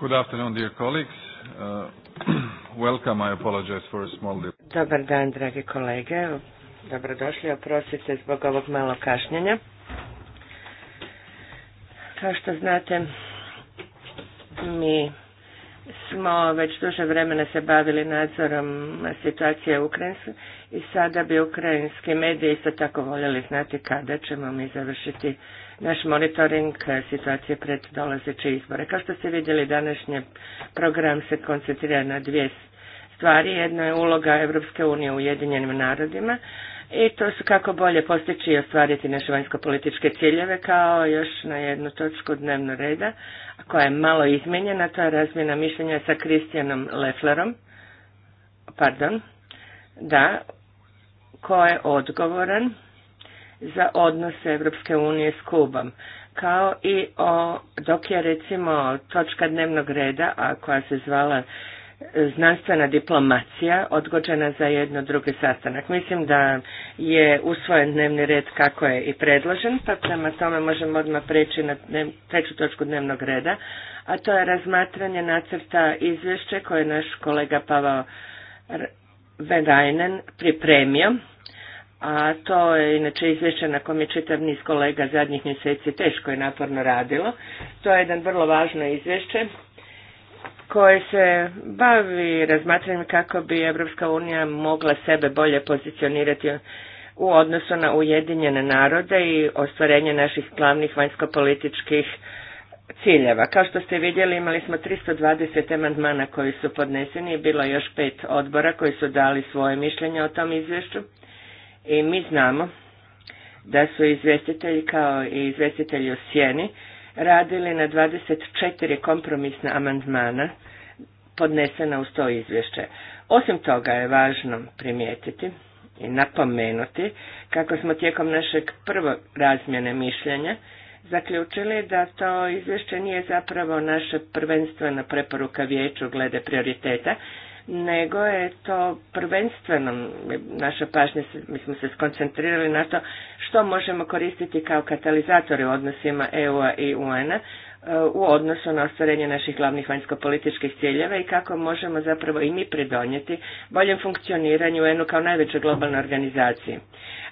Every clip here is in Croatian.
Good afternoon, dear colleagues. Uh, welcome, I apologize for a small delay. Dobar dan, dragi kolege. Dobrodošli, oprostite zbog ovog malo kašnjenja. Kao što znate, mi smo već duže vremena se bavili nadzorom situacije u i sada bi ukrajinski mediji isto tako voljeli znati kada ćemo mi završiti naš monitoring situacije pred dolazeće izbore. Kao što ste vidjeli, današnji program se koncentrira na dvije stvari. Jedna je uloga Europske unije u Ujedinjenim narodima, i to su kako bolje postići i ostvariti naše vanjsko-političke ciljeve kao još na jednu točku dnevnog reda koja je malo izmijenjena, to je razmjena mišljenja sa Kristijanom Leflerom, pardon, da, ko je odgovoran za odnose Evropske unije s Kubom, kao i o, dok je recimo točka dnevnog reda, a koja se zvala znanstvena diplomacija odgođena za jedno drugi sastanak. Mislim da je usvojen dnevni red kako je i predložen, pa prema tome možemo odmah preći na treću točku dnevnog reda, a to je razmatranje nacrta izvješće koje je naš kolega Pavao Verajnen pripremio, a to je inače izvješće na kom je čitav niz kolega zadnjih mjeseci teško je naporno radilo. To je jedan vrlo važno izvješće koje se bavi razmatranjem kako bi Evropska unija mogla sebe bolje pozicionirati u odnosu na Ujedinjene narode i ostvarenje naših glavnih vanjskopolitičkih ciljeva. Kao što ste vidjeli imali smo 320 amandmana koji su podneseni i bilo još pet odbora koji su dali svoje mišljenje o tom izvješću i mi znamo da su izvjestitelji kao i izvjestitelji u sjeni radili na 24 kompromisna amandmana podnesena uz to izvješće. Osim toga je važno primijetiti i napomenuti kako smo tijekom našeg prvog razmjene mišljenja zaključili da to izvješće nije zapravo naše prvenstvena preporuka vijeću glede prioriteta, nego je to prvenstveno naša pažnja, mi smo se skoncentrirali na to što možemo koristiti kao katalizatori u odnosima EU-a i UN-a e, u odnosu na ostvarenje naših glavnih vanjskopolitičkih ciljeva i kako možemo zapravo i mi pridonijeti boljem funkcioniranju UN-u kao najvećoj globalnoj organizaciji.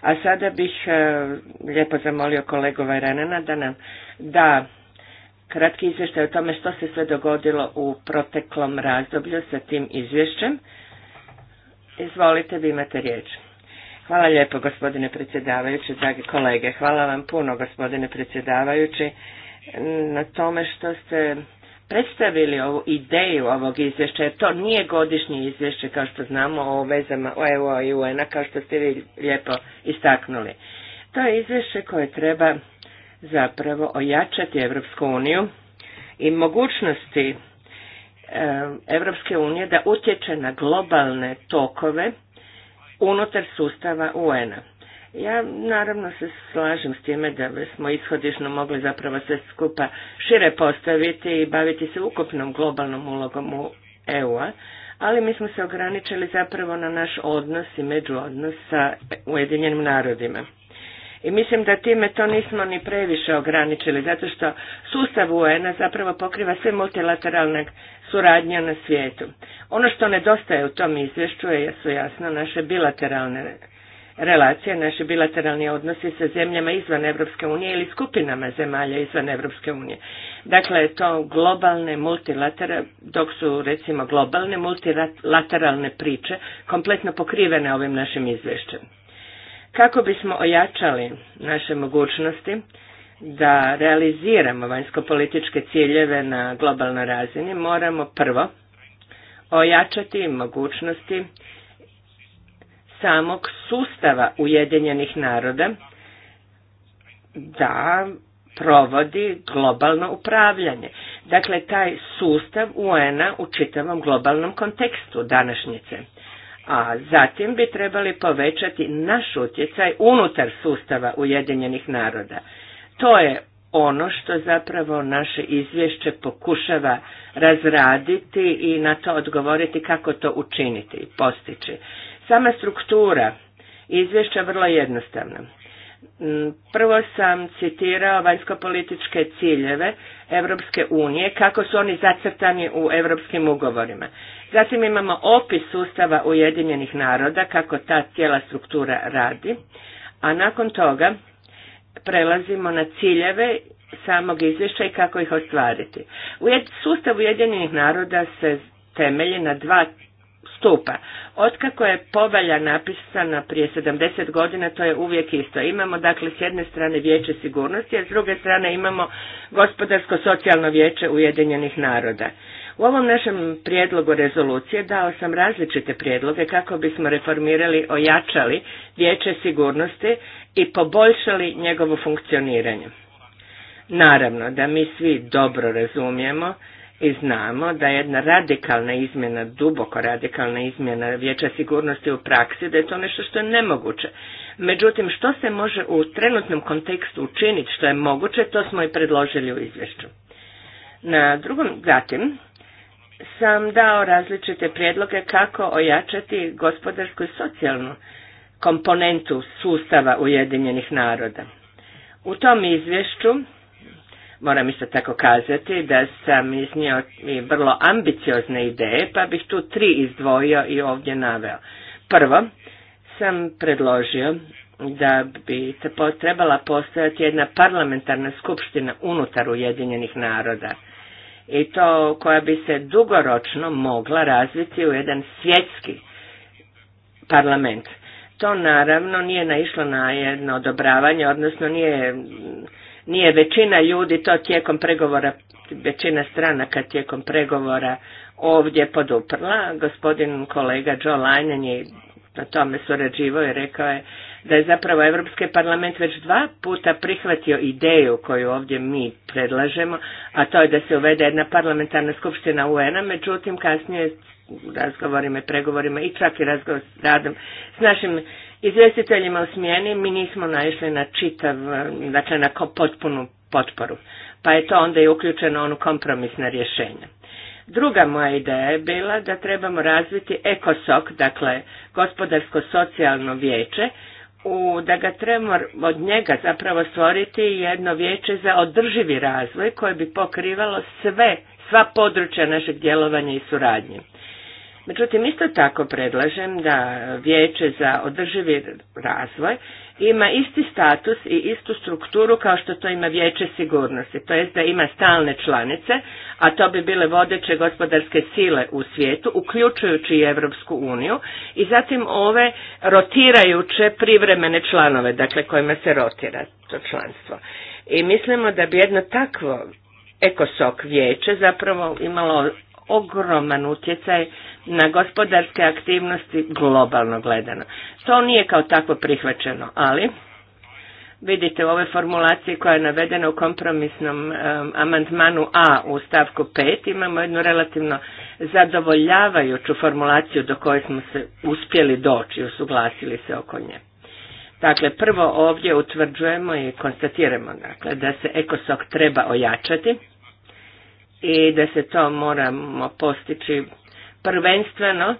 A sada bih e, lijepo zamolio kolegu Vajranena da nam da kratki izvještaj o tome što se sve dogodilo u proteklom razdoblju sa tim izvješćem. Izvolite, vi imate riječ. Hvala lijepo gospodine predsjedavajući, dragi kolege. Hvala vam puno gospodine predsjedavajući na tome što ste predstavili ovu ideju ovog izvješća, jer to nije godišnje izvješće, kao što znamo, o vezama EU i UN-a, kao što ste vi lijepo istaknuli. To je izvješće koje treba zapravo ojačati Evropsku uniju i mogućnosti e, Evropske unije da utječe na globalne tokove unutar sustava UN-a. Ja naravno se slažem s time da smo ishodišno mogli zapravo sve skupa šire postaviti i baviti se ukupnom globalnom ulogom u EU-a, ali mi smo se ograničili zapravo na naš odnos i međuodnos sa Ujedinjenim narodima. I mislim da time to nismo ni previše ograničili, zato što sustav un zapravo pokriva sve multilateralne suradnje na svijetu. Ono što nedostaje u tom izvješću je, su jasno naše bilateralne relacije, naše bilateralni odnosi sa zemljama izvan Europske unije ili skupinama zemalja izvan Europske unije. Dakle, to globalne multilateralne, dok su recimo globalne multilateralne priče kompletno pokrivene ovim našim izvješćem kako bismo ojačali naše mogućnosti da realiziramo vanjsko-političke ciljeve na globalnoj razini, moramo prvo ojačati mogućnosti samog sustava Ujedinjenih naroda da provodi globalno upravljanje. Dakle, taj sustav UN-a u čitavom globalnom kontekstu današnjice a zatim bi trebali povećati naš utjecaj unutar sustava Ujedinjenih naroda. To je ono što zapravo naše izvješće pokušava razraditi i na to odgovoriti kako to učiniti i postići. Sama struktura izvješća vrlo jednostavna. Prvo sam citirao vanjsko-političke ciljeve Europske unije, kako su oni zacrtani u europskim ugovorima. Zatim imamo opis sustava Ujedinjenih naroda, kako ta cijela struktura radi, a nakon toga prelazimo na ciljeve samog izvješća i kako ih ostvariti. Sustav Ujedinjenih naroda se temelji na dva stupa. Otkako je povelja napisana prije 70 godina, to je uvijek isto. Imamo dakle s jedne strane vijeće sigurnosti, a s druge strane imamo gospodarsko-socijalno vijeće Ujedinjenih naroda. U ovom našem prijedlogu rezolucije dao sam različite prijedloge kako bismo reformirali, ojačali vijeće sigurnosti i poboljšali njegovo funkcioniranje. Naravno da mi svi dobro razumijemo i znamo da je jedna radikalna izmjena, duboko radikalna izmjena vijeća sigurnosti u praksi, da je to nešto što je nemoguće. Međutim, što se može u trenutnom kontekstu učiniti što je moguće, to smo i predložili u izvješću. Na drugom, zatim, sam dao različite prijedloge kako ojačati gospodarsku i socijalnu komponentu sustava Ujedinjenih naroda. U tom izvješću Moram isto tako kazati da sam iznio i vrlo ambiciozne ideje, pa bih tu tri izdvojio i ovdje naveo. Prvo, sam predložio da bi trebala postojati jedna parlamentarna skupština unutar Ujedinjenih naroda i to koja bi se dugoročno mogla razviti u jedan svjetski parlament. To naravno nije naišlo na jedno odobravanje, odnosno nije nije većina ljudi to tijekom pregovora, većina stranaka tijekom pregovora ovdje poduprla. Gospodin kolega Joe Linen je na tome surađivao i rekao je da je zapravo Evropski parlament već dva puta prihvatio ideju koju ovdje mi predlažemo, a to je da se uvede jedna parlamentarna skupština UN-a, međutim kasnije razgovorima i pregovorima i čak i razgovor s radom s našim izvjestiteljima u smjeni, mi nismo naišli na čitav, dakle na potpunu potporu. Pa je to onda i uključeno ono kompromisna rješenja. Druga moja ideja je bila da trebamo razviti ekosok, dakle gospodarsko-socijalno vijeće, u, da ga trebamo od njega zapravo stvoriti jedno vijeće za održivi razvoj koje bi pokrivalo sve, sva područja našeg djelovanja i suradnje. Međutim, isto tako predlažem da Vijeće za održivi razvoj ima isti status i istu strukturu kao što to ima Vijeće sigurnosti, to jest da ima stalne članice, a to bi bile vodeće gospodarske sile u svijetu, uključujući i Europsku uniju, i zatim ove rotirajuće privremene članove, dakle kojima se rotira to članstvo. I mislimo da bi jedno takvo ekosok vijeće zapravo imalo ogroman utjecaj na gospodarske aktivnosti globalno gledano. To nije kao takvo prihvaćeno, ali vidite u ovoj formulaciji koja je navedena u kompromisnom um, amandmanu A u stavku 5 imamo jednu relativno zadovoljavajuću formulaciju do koje smo se uspjeli doći, usuglasili se oko nje. Dakle, prvo ovdje utvrđujemo i konstatiramo dakle, da se ekosok treba ojačati, i da se to moramo postići prvenstveno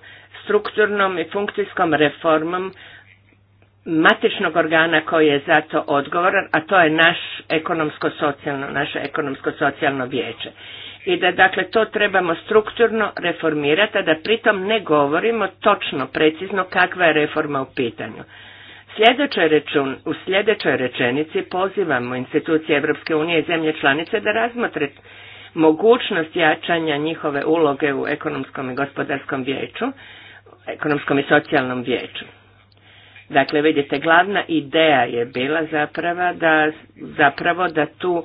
strukturnom i funkcijskom reformom matičnog organa koji je za to odgovoran, a to je naš ekonomsko-socijalno, naše ekonomsko-socijalno vijeće. I da dakle to trebamo strukturno reformirati, a da pritom ne govorimo točno, precizno kakva je reforma u pitanju. Sljedećoj rečun, u sljedećoj rečenici pozivamo institucije Europske unije i zemlje članice da razmotre mogućnost jačanja njihove uloge u ekonomskom i gospodarskom vijeću, ekonomskom i socijalnom vijeću. Dakle, vidite, glavna ideja je bila zapravo da, zapravo da tu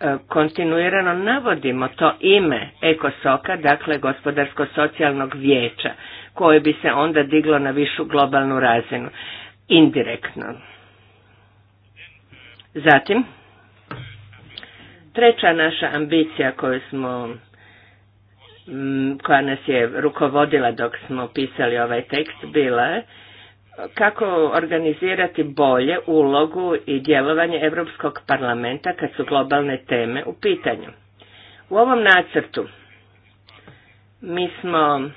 e, kontinuirano navodimo to ime ekosoka, dakle gospodarsko-socijalnog vijeća, koje bi se onda diglo na višu globalnu razinu, indirektno. Zatim, Treća naša ambicija koju smo mm, koja nas je rukovodila dok smo pisali ovaj tekst bila je kako organizirati bolje ulogu i djelovanje Europskog parlamenta kad su globalne teme u pitanju. U ovom nacrtu mi smo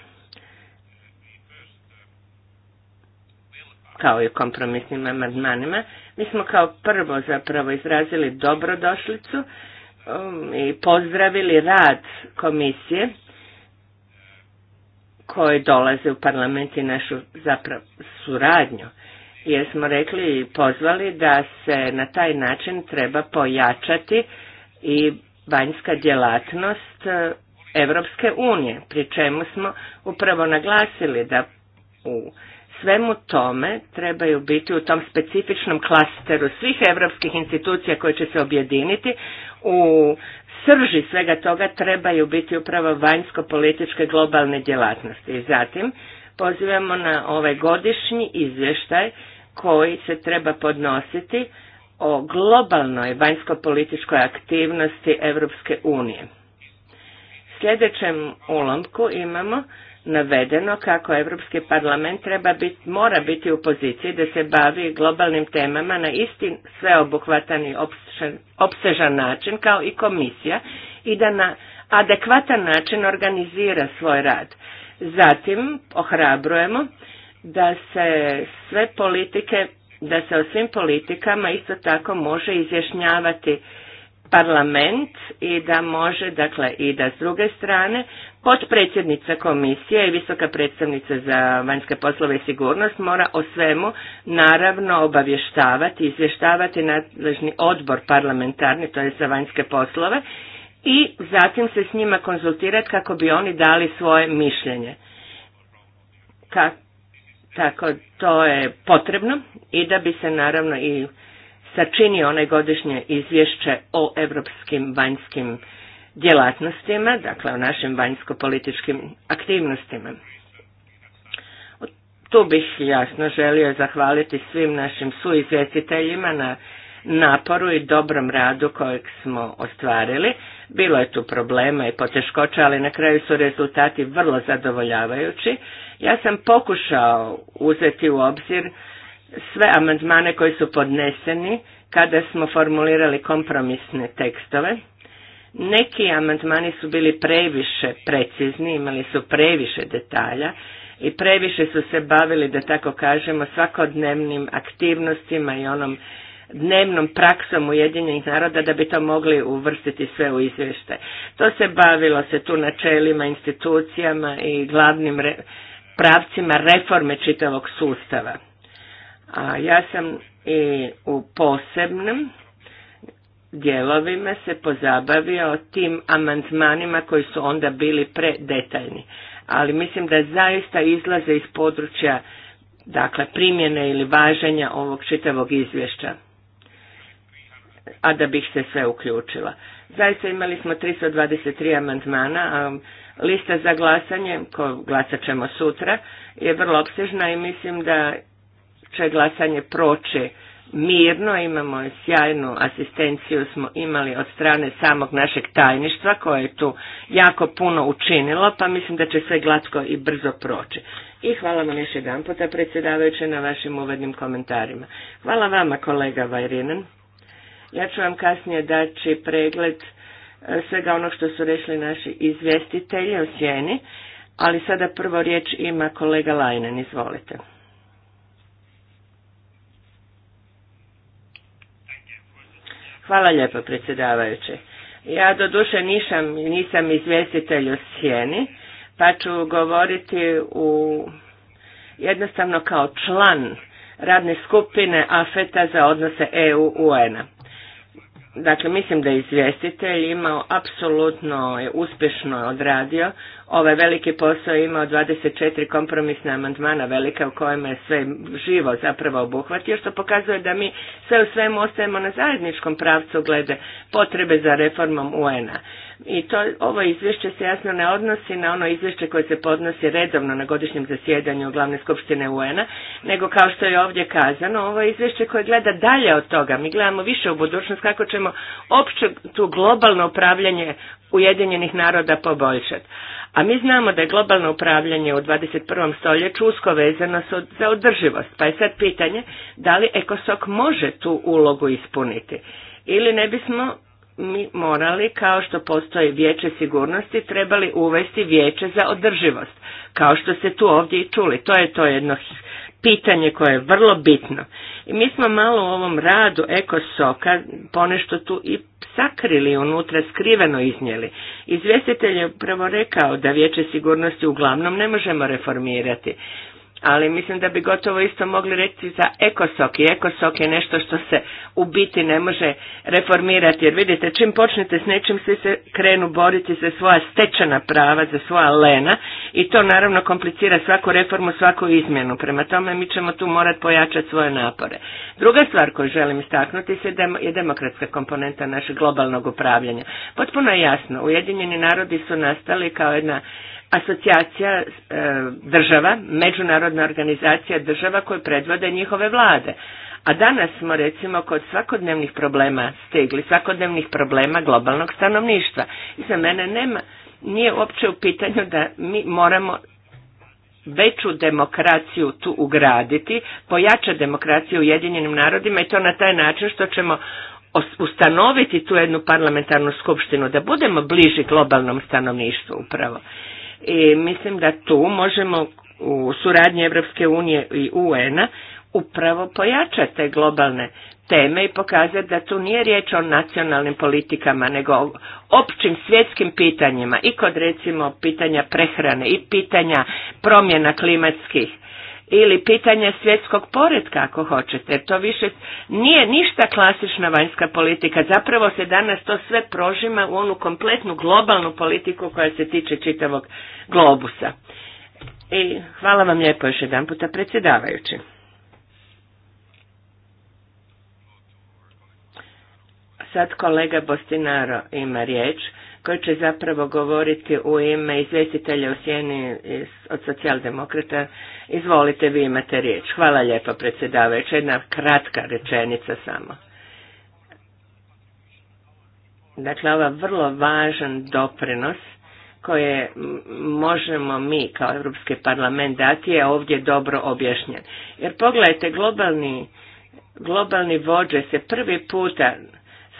kao i kompromisnim amandmanima, mi smo kao prvo zapravo izrazili dobrodošlicu Um, i pozdravili rad komisije koje dolaze u parlament i našu zapravo suradnju jer smo rekli i pozvali da se na taj način treba pojačati i vanjska djelatnost uh, Evropske unije, pri čemu smo upravo naglasili da u svemu tome trebaju biti u tom specifičnom klasteru svih europskih institucija koje će se objediniti u srži svega toga trebaju biti upravo vanjsko-političke globalne djelatnosti. I zatim pozivamo na ovaj godišnji izvještaj koji se treba podnositi o globalnoj vanjsko-političkoj aktivnosti Europske unije. Sljedećem ulomku imamo navedeno kako Europski parlament treba biti, mora biti u poziciji da se bavi globalnim temama na isti sveobuhvatan i opsežan način kao i komisija i da na adekvatan način organizira svoj rad. Zatim ohrabrujemo da se sve politike, da se o svim politikama isto tako može izjašnjavati parlament i da može, dakle, i da s druge strane Potpredsjednica komisije i visoka predstavnica za vanjske poslove i sigurnost mora o svemu naravno obavještavati, izvještavati nadležni odbor parlamentarni, to je za vanjske poslove, i zatim se s njima konzultirati kako bi oni dali svoje mišljenje. Ka, tako, to je potrebno i da bi se naravno i sačinio onaj godišnje izvješće o europskim vanjskim djelatnostima, dakle o našim vanjsko-političkim aktivnostima. Tu bih jasno želio zahvaliti svim našim suizvjestiteljima na naporu i dobrom radu kojeg smo ostvarili. Bilo je tu problema i poteškoća, ali na kraju su rezultati vrlo zadovoljavajući. Ja sam pokušao uzeti u obzir sve amandmane koji su podneseni kada smo formulirali kompromisne tekstove neki amandmani su bili previše precizni, imali su previše detalja i previše su se bavili, da tako kažemo, svakodnevnim aktivnostima i onom dnevnom praksom Ujedinjenih naroda da bi to mogli uvrstiti sve u izvještaj. To se bavilo se tu načelima, institucijama i glavnim pravcima reforme čitavog sustava. A ja sam i u posebnom dijelovima se pozabavio tim amandmanima koji su onda bili predetaljni. Ali mislim da zaista izlaze iz područja dakle, primjene ili važenja ovog čitavog izvješća, a da bih se sve uključila. Zaista imali smo 323 amandmana, a lista za glasanje, koju glasat ćemo sutra, je vrlo opsežna i mislim da će glasanje proći mirno, imamo sjajnu asistenciju smo imali od strane samog našeg tajništva koje je tu jako puno učinilo, pa mislim da će sve glatko i brzo proći. I hvala vam još jedan puta predsjedavajući na vašim uvednim komentarima. Hvala vama kolega Vajrinen. Ja ću vam kasnije daći pregled e, svega onog što su rešli naši izvjestitelji o sjeni, ali sada prvo riječ ima kolega Lajnen, izvolite. Hvala lijepo predsjedavajući. Ja doduše nisam, nisam izvjestitelj u sjeni, pa ću govoriti u jednostavno kao član radne skupine AFETA e za odnose EU-UN-a. Dakle, mislim da je izvjestitelj imao apsolutno je uspješno odradio ovaj veliki posao imao 24 kompromisna amandmana velika u kojima je sve živo zapravo obuhvatio, što pokazuje da mi sve u svemu ostajemo na zajedničkom pravcu glede potrebe za reformom UN-a. I to, ovo izvješće se jasno ne odnosi na ono izvješće koje se podnosi redovno na godišnjem zasjedanju glavne skupštine UN-a, nego kao što je ovdje kazano, ovo je izvješće koje gleda dalje od toga. Mi gledamo više u budućnost kako ćemo opće tu globalno upravljanje Ujedinjenih naroda poboljšati. A mi znamo da je globalno upravljanje u 21. stoljeću usko vezano za održivost, pa je sad pitanje da li ECOSOC može tu ulogu ispuniti. Ili ne bismo mi morali, kao što postoji vijeće sigurnosti, trebali uvesti vijeće za održivost, kao što ste tu ovdje i čuli. To je to jedno pitanje koje je vrlo bitno. I mi smo malo u ovom radu Ekosoka ponešto tu i sakrili unutra, skriveno iznijeli. Izvjestitelj je upravo rekao da vijeće sigurnosti uglavnom ne možemo reformirati ali mislim da bi gotovo isto mogli reći za ekosok i ekosok je nešto što se u biti ne može reformirati jer vidite čim počnete s nečim svi se krenu boriti za svoja stečena prava, za svoja lena i to naravno komplicira svaku reformu, svaku izmjenu, prema tome mi ćemo tu morati pojačati svoje napore. Druga stvar koju želim istaknuti je demokratska komponenta našeg globalnog upravljanja. Potpuno je jasno, Ujedinjeni narodi su nastali kao jedna asocijacija e, država, međunarodna organizacija država koje predvode njihove vlade. A danas smo recimo kod svakodnevnih problema stigli, svakodnevnih problema globalnog stanovništva. I za mene nema, nije uopće u pitanju da mi moramo veću demokraciju tu ugraditi, pojača demokraciju Ujedinjenim narodima i to na taj način što ćemo ustanoviti tu jednu parlamentarnu skupštinu, da budemo bliži globalnom stanovništvu upravo. I mislim da tu možemo u suradnji Evropske unije i UN-a upravo pojačati te globalne teme i pokazati da tu nije riječ o nacionalnim politikama, nego o općim svjetskim pitanjima i kod recimo pitanja prehrane i pitanja promjena klimatskih ili pitanje svjetskog poredka ako hoćete, to više nije ništa klasična vanjska politika, zapravo se danas to sve prožima u onu kompletnu globalnu politiku koja se tiče čitavog globusa. I hvala vam lijepo još jedan puta predsjedavajući. Sad kolega Bostinaro ima riječ koji će zapravo govoriti u ime izvjestitelja u sjeni od socijaldemokrata. Izvolite, vi imate riječ. Hvala lijepo, predsjedavajući. Jedna kratka rečenica samo. Dakle, ovo je vrlo važan doprinos koje možemo mi kao Europski parlament dati je ovdje dobro objašnjen. Jer pogledajte, globalni, globalni vođe se prvi puta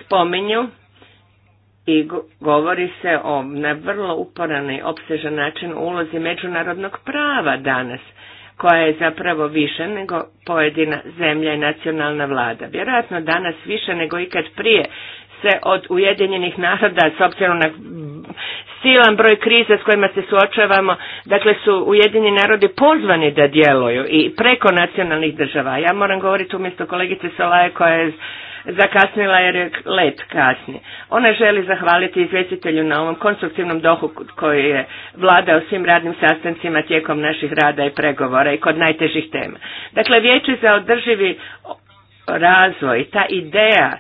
spominju i govori se o na vrlo uporan i opsežan način ulozi međunarodnog prava danas, koja je zapravo više nego pojedina zemlja i nacionalna vlada. Vjerojatno danas više nego ikad prije se od Ujedinjenih naroda s obzirom na silan broj kriza s kojima se suočavamo, dakle su Ujedinjeni narodi pozvani da djeluju i preko nacionalnih država. Ja moram govoriti umjesto kolegice Solaje koja je zakasnila jer je let kasni. Ona želi zahvaliti izvjestitelju na ovom konstruktivnom dohu koji je vladao svim radnim sastancima tijekom naših rada i pregovora i kod najtežih tema. Dakle, vijeće za održivi razvoj, ta ideja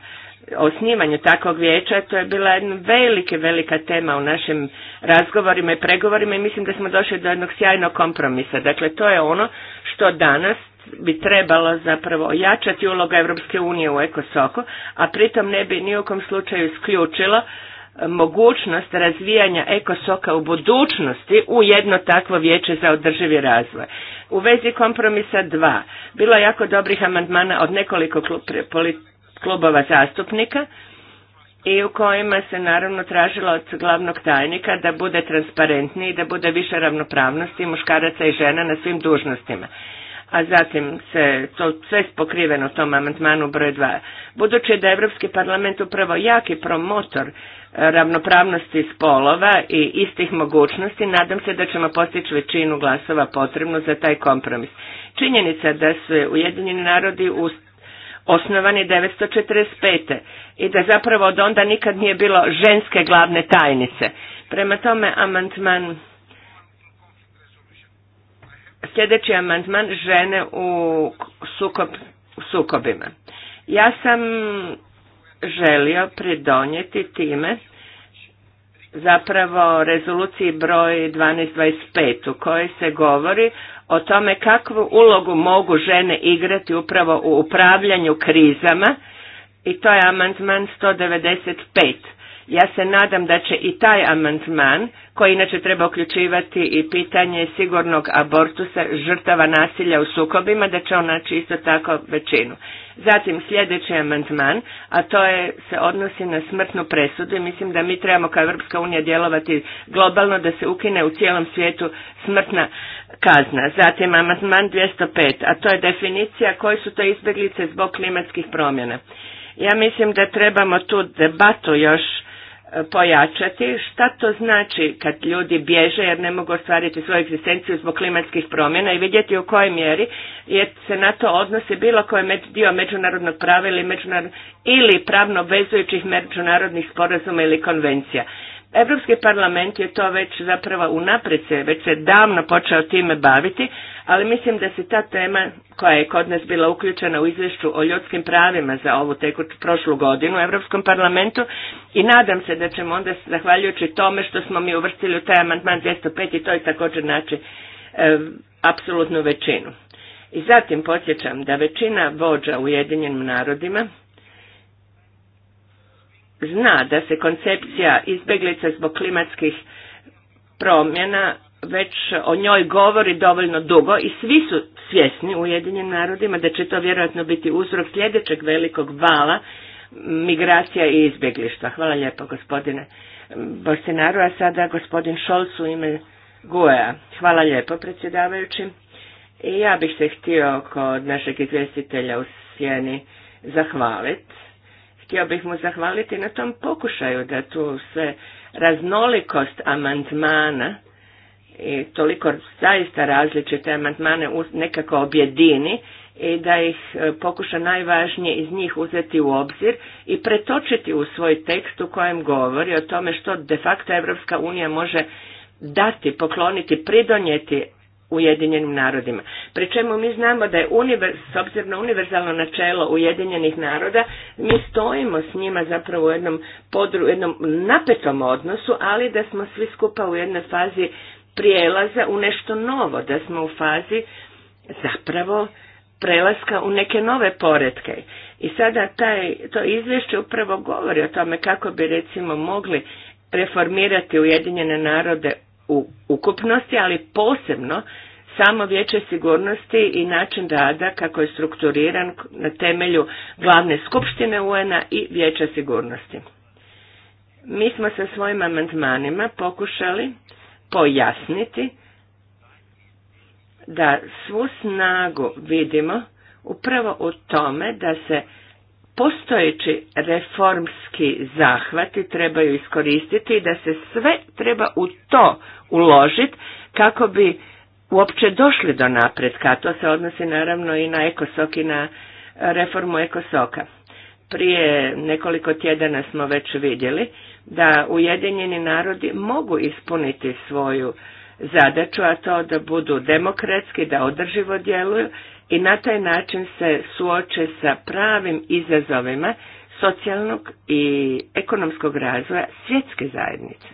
o snimanju takvog vijeća, to je bila jedna velika, velika tema u našim razgovorima i pregovorima i mislim da smo došli do jednog sjajnog kompromisa. Dakle, to je ono što danas bi trebalo zapravo ojačati uloga Europske unije u ekosoku, a pritom ne bi ni u kom slučaju isključilo e, mogućnost razvijanja ekosoka u budućnosti u jedno takvo vijeće za održivi razvoj. U vezi kompromisa dva, bilo je jako dobrih amandmana od nekoliko klubova zastupnika i u kojima se naravno tražilo od glavnog tajnika da bude transparentniji, da bude više ravnopravnosti muškaraca i žena na svim dužnostima a zatim se to sve pokriveno tom amandmanu broj 2. Budući da je Europski parlament upravo jaki promotor e, ravnopravnosti spolova i istih mogućnosti, nadam se da ćemo postići većinu glasova potrebnu za taj kompromis. Činjenica da su Ujedinjeni narodi u osnovani 945. i da zapravo od onda nikad nije bilo ženske glavne tajnice. Prema tome, amantman sljedeći amandman žene u, sukob, u sukobima. Ja sam želio pridonijeti time zapravo rezoluciji broj 1225 u kojoj se govori o tome kakvu ulogu mogu žene igrati upravo u upravljanju krizama i to je amandman 195 ja se nadam da će i taj amandman, koji inače treba uključivati i pitanje sigurnog abortusa žrtava nasilja u sukobima, da će on naći isto tako većinu. Zatim sljedeći amandman, a to je, se odnosi na smrtnu presudu i mislim da mi trebamo kao Europska unija djelovati globalno da se ukine u cijelom svijetu smrtna kazna. Zatim amandman 205, a to je definicija koji su to izbjeglice zbog klimatskih promjena. Ja mislim da trebamo tu debatu još E, pojačati. Šta to znači kad ljudi bježe jer ne mogu ostvariti svoju egzistenciju zbog klimatskih promjena i vidjeti u kojoj mjeri jer se na to odnosi bilo koji dio međunarodnog prava ili, ili pravno vezujućih međunarodnih sporazuma ili konvencija. Europski parlament je to već zapravo unaprijed se, već se davno počeo time baviti, ali mislim da se ta tema koja je kod nas bila uključena u izvješću o ljudskim pravima za ovu tekuću prošlu godinu u Europskom parlamentu i nadam se da ćemo onda, zahvaljujući tome što smo mi uvrstili u taj amandman 205 i to je također naći e, apsolutnu većinu. I zatim podsjećam da većina vođa u Ujedinjenim narodima zna da se koncepcija izbjeglica zbog klimatskih promjena već o njoj govori dovoljno dugo i svi su svjesni u Ujedinjenim narodima da će to vjerojatno biti uzrok sljedećeg velikog vala migracija i izbjeglištva. Hvala lijepo gospodine Bostinaru, a sada gospodin Šolc u ime Guea. Hvala lijepo predsjedavajući. I ja bih se htio kod našeg izvjestitelja u Sjeni zahvaliti Htio bih mu zahvaliti na tom pokušaju da tu se raznolikost amandmana i toliko zaista različite amandmane nekako objedini i da ih e, pokuša najvažnije iz njih uzeti u obzir i pretočiti u svoj tekst u kojem govori o tome što de facto Evropska unija može dati, pokloniti, pridonijeti Ujedinjenim narodima. Pri čemu mi znamo da je univers, s obzirom na univerzalno načelo Ujedinjenih naroda, mi stojimo s njima zapravo u jednom, podru, jednom napetom odnosu, ali da smo svi skupa u jednoj fazi prijelaza u nešto novo, da smo u fazi zapravo prelaska u neke nove poredke. I sada taj, to izvješće upravo govori o tome kako bi recimo mogli reformirati Ujedinjene narode u ukupnosti, ali posebno samo vijeće sigurnosti i način rada kako je strukturiran na temelju glavne skupštine UN-a i vijeća sigurnosti. Mi smo sa svojim amandmanima pokušali pojasniti da svu snagu vidimo upravo u tome da se postojeći reformski zahvati trebaju iskoristiti i da se sve treba u to uložiti kako bi uopće došli do napretka, a to se odnosi naravno i na ekosok i na reformu ekosoka. Prije nekoliko tjedana smo već vidjeli da Ujedinjeni narodi mogu ispuniti svoju zadaću, a to da budu demokratski, da održivo djeluju i na taj način se suoče sa pravim izazovima socijalnog i ekonomskog razvoja svjetske zajednice.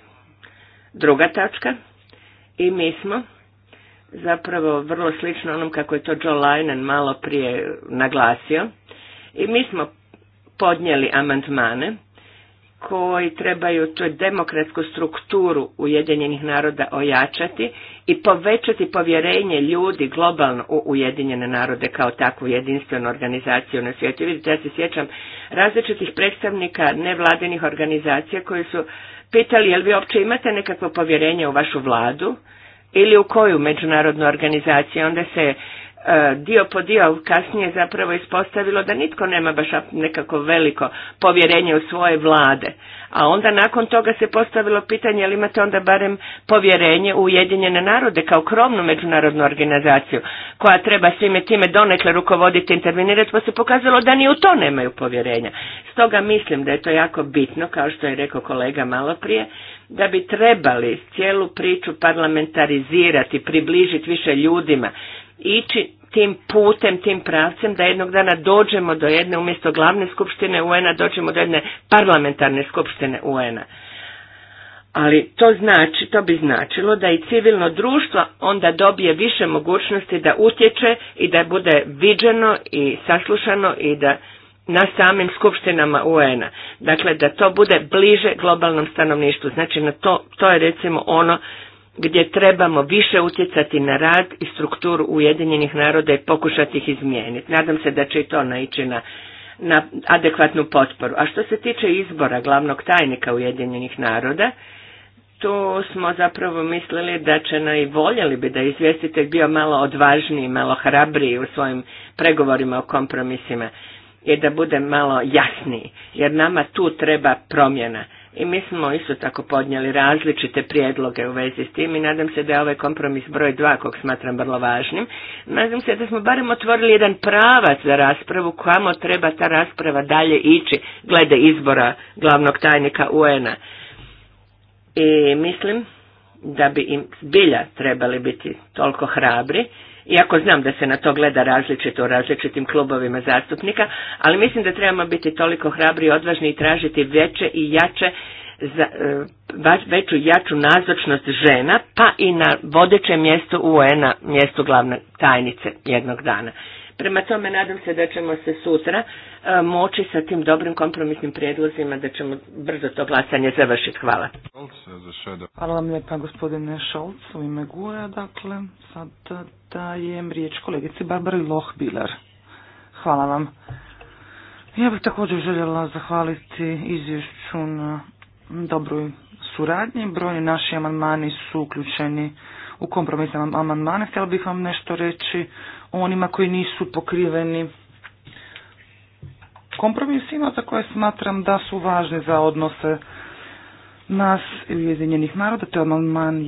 Druga tačka, i mi smo zapravo vrlo slično onom kako je to Joe Linen malo prije naglasio, i mi smo podnijeli amandmane koji trebaju tu demokratsku strukturu Ujedinjenih naroda ojačati i povećati povjerenje ljudi globalno u Ujedinjene narode kao takvu jedinstvenu organizaciju na svijetu. ja se sjećam različitih predstavnika nevladinih organizacija koji su pitali jel vi uopće imate nekakvo povjerenje u vašu vladu ili u koju međunarodnu organizaciju. Onda se E, dio po dio kasnije zapravo ispostavilo da nitko nema baš nekako veliko povjerenje u svoje vlade. A onda nakon toga se postavilo pitanje jel imate onda barem povjerenje u Ujedinjene narode kao krovnu međunarodnu organizaciju koja treba svime time donekle rukovoditi intervenirati pa se pokazalo da ni u to nemaju povjerenja. Stoga mislim da je to jako bitno kao što je rekao kolega malo prije da bi trebali cijelu priču parlamentarizirati, približiti više ljudima, ići tim putem, tim pravcem da jednog dana dođemo do jedne, umjesto glavne skupštine UN-a, dođemo do jedne parlamentarne skupštine UN-a. Ali to znači, to bi značilo da i civilno društvo onda dobije više mogućnosti da utječe i da bude viđeno i saslušano i da na samim skupštinama UN-a. Dakle, da to bude bliže globalnom stanovništvu. Znači, na to, to je recimo ono gdje trebamo više utjecati na rad i strukturu Ujedinjenih naroda i pokušati ih izmijeniti. Nadam se da će i to naići na, na adekvatnu potporu. A što se tiče izbora glavnog tajnika Ujedinjenih naroda, tu smo zapravo mislili da će na i voljeli bi da izvjestitelj bio malo odvažniji, malo hrabriji u svojim pregovorima o kompromisima i da bude malo jasniji, jer nama tu treba promjena i mi smo isto tako podnijeli različite prijedloge u vezi s tim i nadam se da je ovaj kompromis broj dva kog smatram vrlo važnim, nadam se da smo barem otvorili jedan pravac za raspravu kamo treba ta rasprava dalje ići glede izbora glavnog tajnika UN-a. I mislim da bi im zbilja trebali biti toliko hrabri iako znam da se na to gleda različito u različitim klubovima zastupnika, ali mislim da trebamo biti toliko hrabri i odvažni i tražiti veće i jače za, e, veću i jaču nazočnost žena, pa i na vodećem mjestu UN-a, mjestu glavne tajnice jednog dana. Prema tome nadam se da ćemo se sutra e, moći sa tim dobrim kompromisnim prijedlozima da ćemo brzo to glasanje završiti. Hvala. Hvala vam lijepa gospodine Šolc u ime Gura, Dakle, sad dajem riječ kolegici Barbari Lohbiler. Hvala vam. Ja bih također željela zahvaliti izvješću na dobroj suradnji. Brojni naši amandmani su uključeni u kompromisne amandmane. Htjela bih vam nešto reći onima koji nisu pokriveni kompromisima za koje smatram da su važni za odnose nas i Ujedinjenih naroda. To je amandman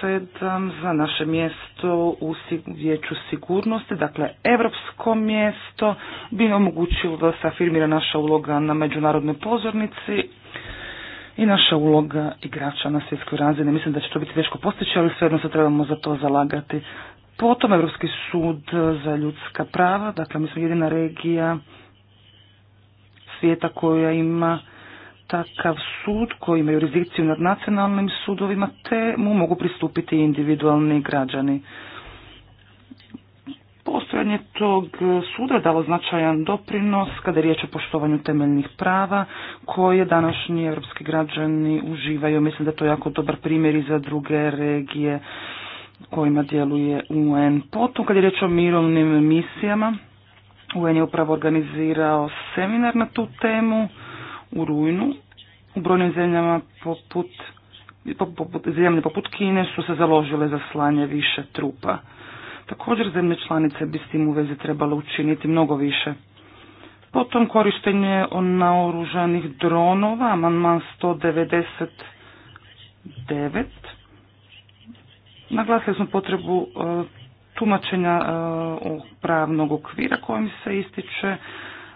7, za naše mjesto u vijeću sigurnosti. Dakle, evropsko mjesto bi omogućilo da se afirmira naša uloga na međunarodnoj pozornici i naša uloga igrača na svjetskoj razini. Mislim da će to biti teško postići, ali svejedno se trebamo za to zalagati. Potom Europski sud za ljudska prava, dakle mi smo jedina regija svijeta koja ima takav sud koji ima jurisdikciju nad nacionalnim sudovima te mu mogu pristupiti individualni građani. Postojanje tog suda je dalo značajan doprinos kada je riječ o poštovanju temeljnih prava koje današnji europski građani uživaju. Mislim da je to jako dobar primjer i za druge regije kojima djeluje UN. Potom kad je riječ o mirovnim misijama, UN je upravo organizirao seminar na tu temu u rujnu. U brojnim zemljama poput, zemlje poput Kine su se založile za slanje više trupa. Također zemlje članice bi s tim u vezi trebalo učiniti mnogo više. Potom korištenje naoružanih dronova, amandman 199 Naglasili smo potrebu e, tumačenja e, pravnog okvira kojim se ističe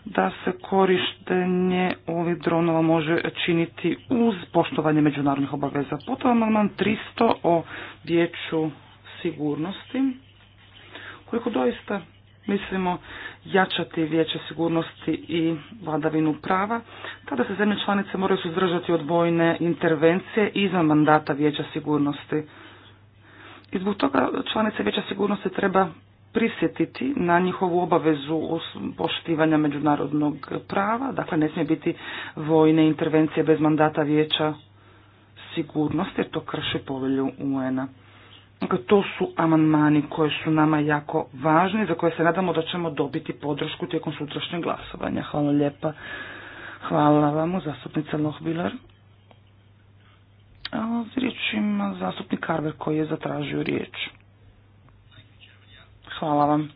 da se korištenje ovih dronova može činiti uz poštovanje međunarodnih obaveza. Potom amandman 300 o vijeću sigurnosti. Koliko doista mislimo jačati vijeće sigurnosti i vladavinu prava, tada se zemlje članice moraju suzdržati od vojne intervencije izvan mandata vijeća sigurnosti. I zbog toga članice Vijeća sigurnosti treba prisjetiti na njihovu obavezu poštivanja međunarodnog prava, dakle ne smije biti vojne intervencije bez mandata Vijeća sigurnosti, jer to krši povelju UN-a. Dakle, to su amandmani koji su nama jako važni, za koje se nadamo da ćemo dobiti podršku tijekom sutrašnjeg glasovanja. Hvala lijepa. Hvala vam, zastupnica Lohbiller riječ ima zastupnik koji je zatražio riječ. Hvala vam.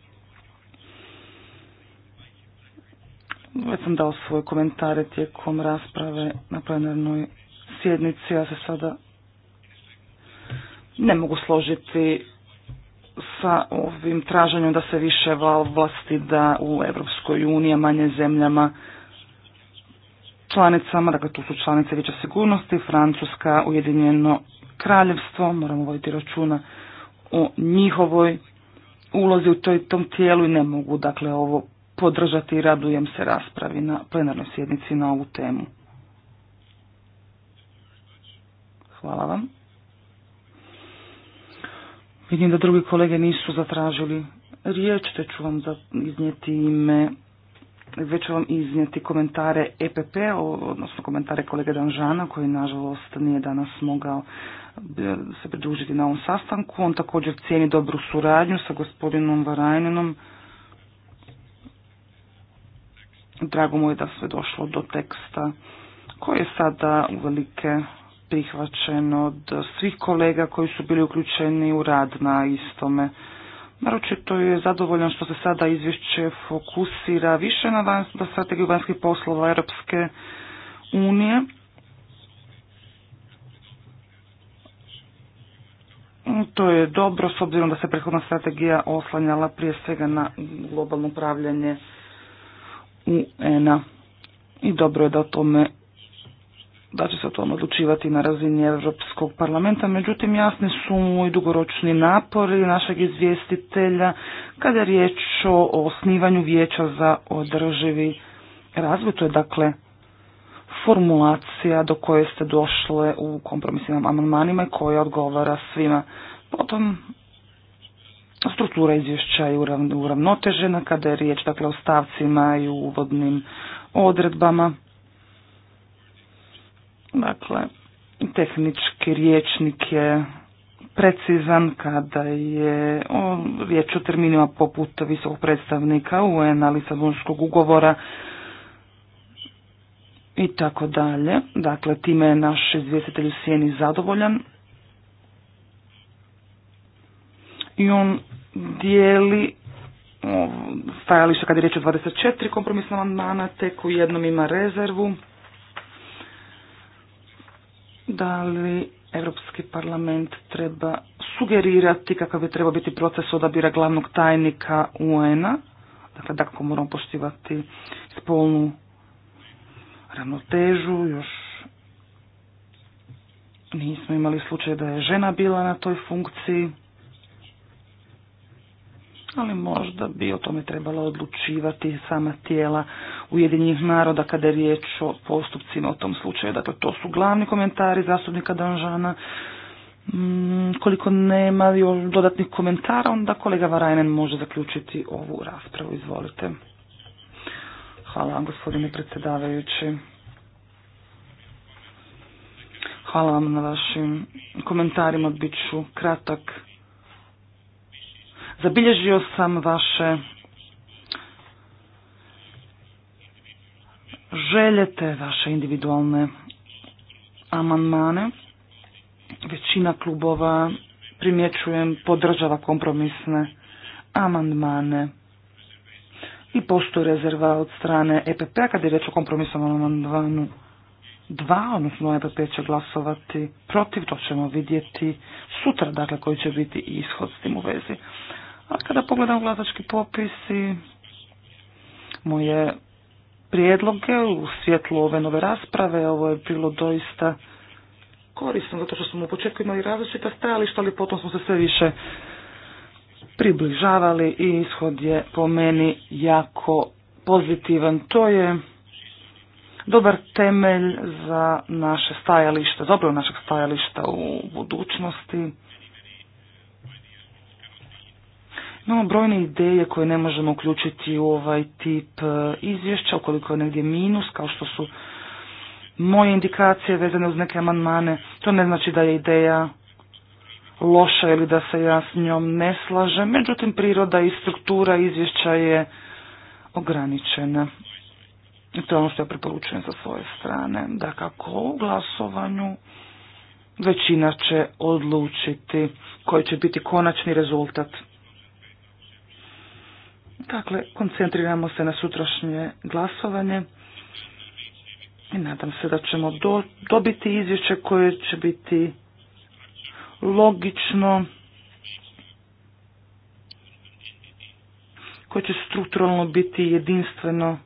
Već sam dao svoje komentare tijekom rasprave na plenarnoj sjednici. Ja se sada ne mogu složiti sa ovim traženjem da se više vlasti da u Europskoj uniji, manje zemljama članicama, dakle tu su članice Vijeća sigurnosti, Francuska, Ujedinjeno kraljevstvo, moramo voditi računa o njihovoj ulozi u toj, tom tijelu i ne mogu dakle ovo podržati i radujem se raspravi na plenarnoj sjednici na ovu temu. Hvala vam. Vidim da drugi kolege nisu zatražili riječ, te ću vam iznijeti ime već ću vam iznijeti komentare EPP, odnosno komentare kolege Danžana, koji nažalost nije danas mogao e, se pridružiti na ovom sastanku. On također cijeni dobru suradnju sa gospodinom Varajnenom. Drago mu je da sve došlo do teksta koji je sada uvelike prihvaćen od svih kolega koji su bili uključeni u rad na istome. Naročito je zadovoljan što se sada izvješće fokusira više na, strategiju vanjskih poslova Europske unije. To je dobro s obzirom da se prethodna strategija oslanjala prije svega na globalno upravljanje UN-a i dobro je da o tome da će se o tom odlučivati na razini Europskog parlamenta, međutim jasni su mu i dugoročni napori našeg izvjestitelja kada je riječ o osnivanju vijeća za održivi razvoj. To je dakle formulacija do koje ste došle u kompromisnim amandmanima koja odgovara svima. Potom struktura izvješća je uravnotežena kada je riječ dakle o stavcima i uvodnim odredbama. Dakle, tehnički riječnik je precizan kada je o, riječ o terminima poput visokog predstavnika u a Lisabonskog ugovora i tako dalje. Dakle, time je naš izvjestitelj u sjeni zadovoljan. I on dijeli stajalište kada je riječ o 24 kompromisna amandmana, tek u jednom ima rezervu da li Europski parlament treba sugerirati kakav bi trebao biti proces odabira glavnog tajnika UN-a, dakle da kako moramo poštivati spolnu ravnotežu, još nismo imali slučaj da je žena bila na toj funkciji ali možda bi o tome trebala odlučivati sama tijela Ujedinjenih naroda kada je riječ o postupcima u tom slučaju. Dakle, to su glavni komentari zastupnika Danžana. Mm, koliko nema još dodatnih komentara, onda kolega Varajnen može zaključiti ovu raspravu. Izvolite. Hvala vam, gospodine predsjedavajući. Hvala vam na vašim komentarima. Bit kratak. Zabilježio sam vaše željete, vaše individualne amandmane. Većina klubova primjećujem podržava kompromisne amandmane i postoji rezerva od strane EPP, a p-a kad je reč o kompromisnom amandmanu 2, odnosno EPP će glasovati protiv, to ćemo vidjeti sutra, dakle, koji će biti ishod s tim u vezi. A kada pogledam glasački popis i moje prijedloge u svjetlu ove nove rasprave, ovo je bilo doista korisno, zato što smo u početku imali različita stajališta, ali potom smo se sve više približavali i ishod je po meni jako pozitivan. To je dobar temelj za naše stajalište, za našeg stajališta u budućnosti. Imamo brojne ideje koje ne možemo uključiti u ovaj tip e, izvješća, ukoliko je negdje minus, kao što su moje indikacije vezane uz neke amandmane. To ne znači da je ideja loša ili da se ja s njom ne slažem, međutim priroda i struktura izvješća je ograničena. I to je ono što ja preporučujem sa svoje strane, da kako u glasovanju većina će odlučiti koji će biti konačni rezultat. Dakle, koncentriramo se na sutrašnje glasovanje i nadam se da ćemo do, dobiti izvješće koje će biti logično, koje će strukturalno biti jedinstveno,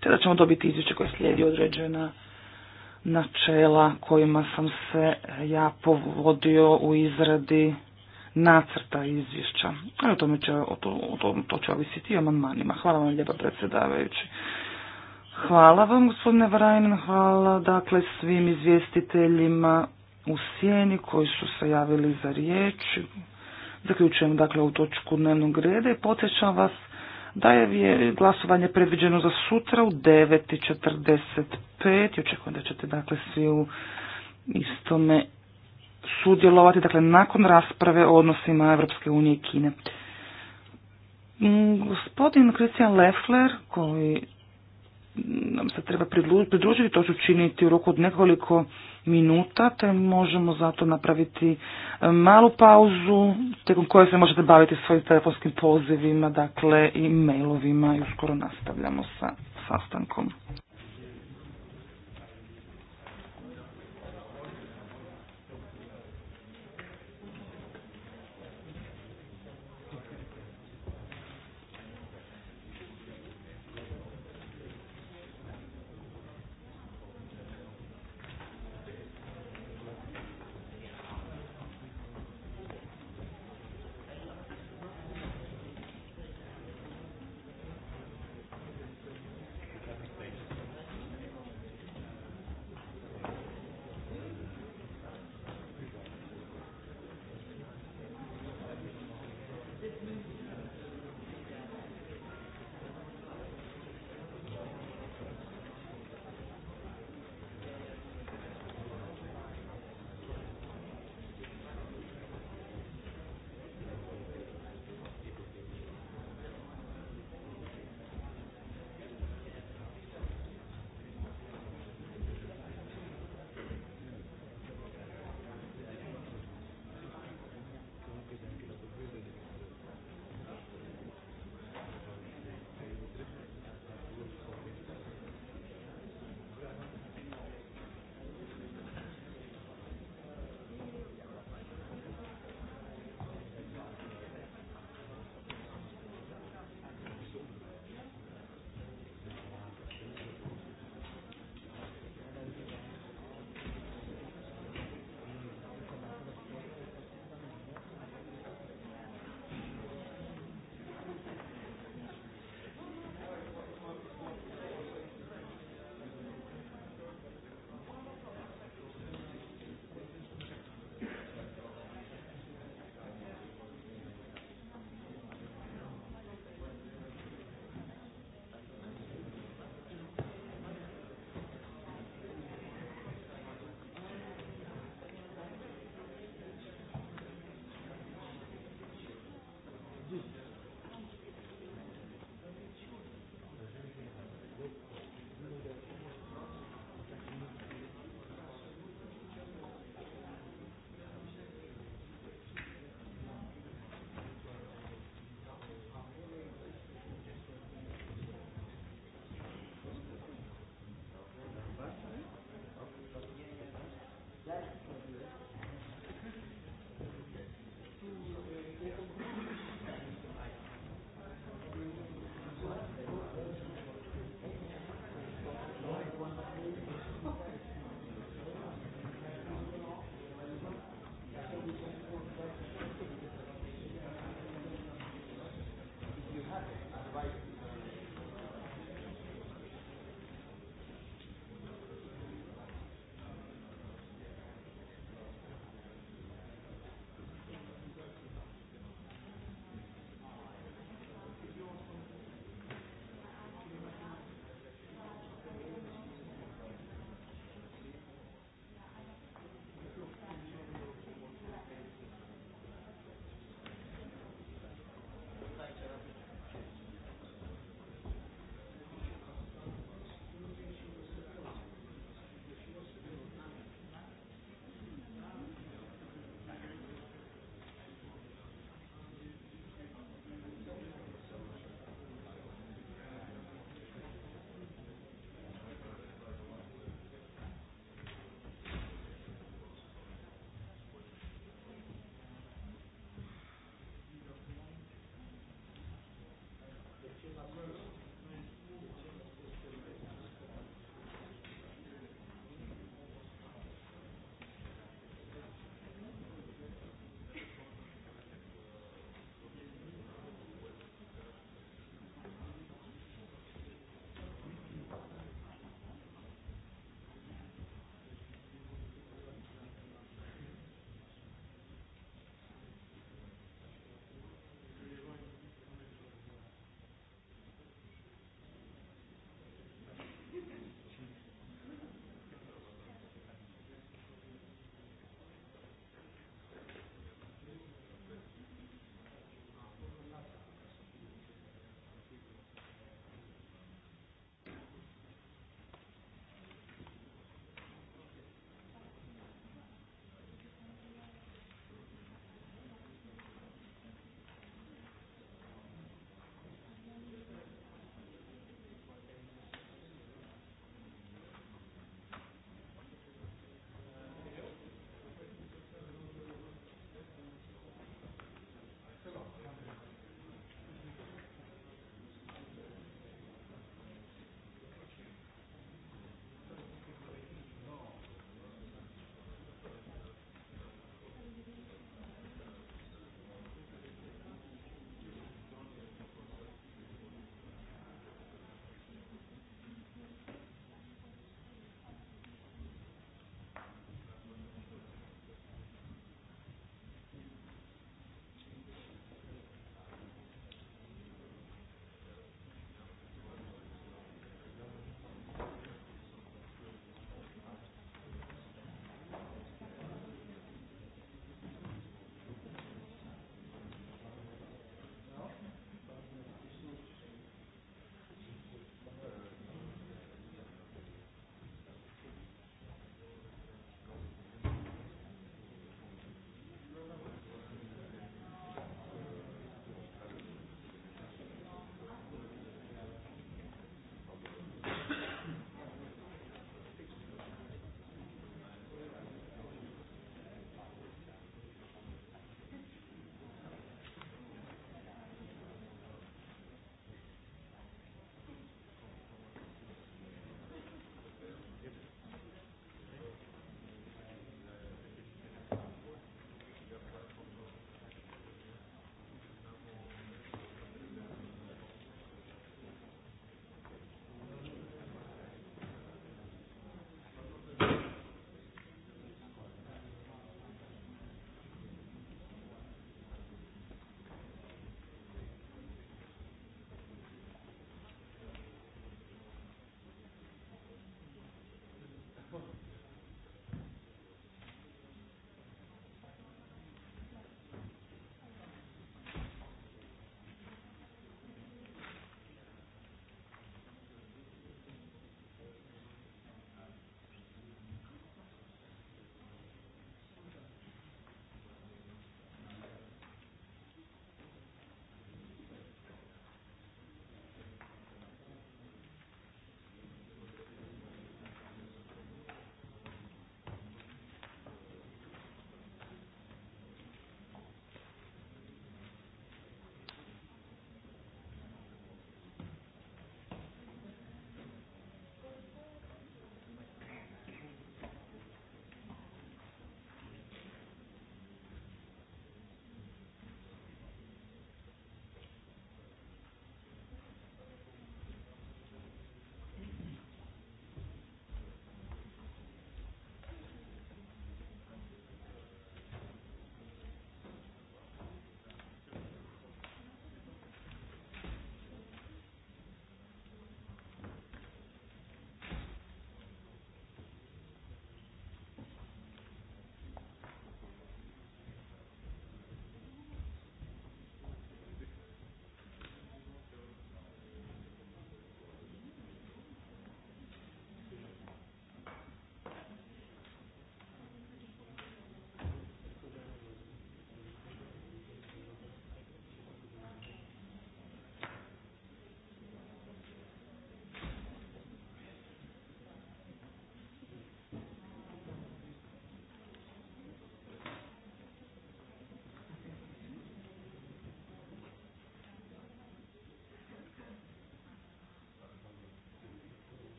te da ćemo dobiti izvješće koje slijedi određena načela kojima sam se ja povodio u izradi nacrta izvješća. o tome o to, o to, će ovisiti i amandmanima. Hvala vam lijepa predsjedavajući. Hvala vam gospodine Varajnin, hvala dakle svim izvjestiteljima u sjeni koji su se javili za riječ. Zaključujem dakle u točku dnevnog reda i podsjećam vas da je glasovanje predviđeno za sutra u 9.45 i očekujem da ćete dakle svi u istome sudjelovati, dakle nakon rasprave o odnosima Europske unije i Kine. Mm, gospodin Christian Leffler, koji nam se treba pridružiti, to ću činiti u roku od nekoliko minuta, te možemo zato napraviti e, malu pauzu, tijekom koje se možete baviti svojim telefonskim pozivima, dakle i mailovima i uskoro nastavljamo sa sastankom.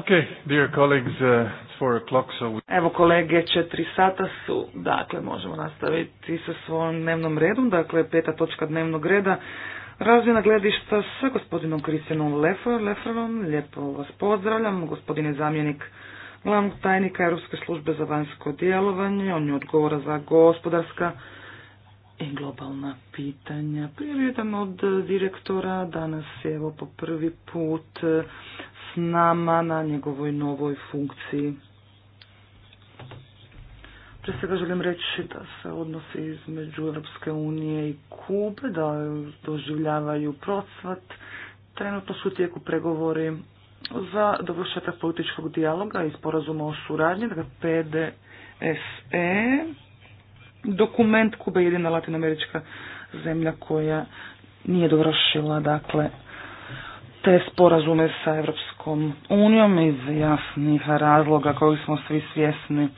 Okay, dear colleagues, uh, it's four o'clock, so we... Evo kolege, četiri sata su, dakle možemo nastaviti sa svojom dnevnom redom, dakle peta točka dnevnog reda, razvijena gledišta sa gospodinom Kristijanom leferom lijepo vas pozdravljam, gospodin je zamjenik glavnog tajnika Europske službe za vanjsko djelovanje, on je odgovora za gospodarska i globalna pitanja. Prije od direktora, danas je evo po prvi put s nama na njegovoj novoj funkciji. Prije svega želim reći da se odnosi između Europske unije i Kube, da doživljavaju procvat. Trenutno su u tijeku pregovori za dovršetak političkog dijaloga i sporazuma o suradnji, dakle PDSE. Dokument Kube je jedina latinoamerička zemlja koja nije dovršila dakle te sporazume sa Europskom Europskom unijom iz jasnih razloga koji smo svi svjesni.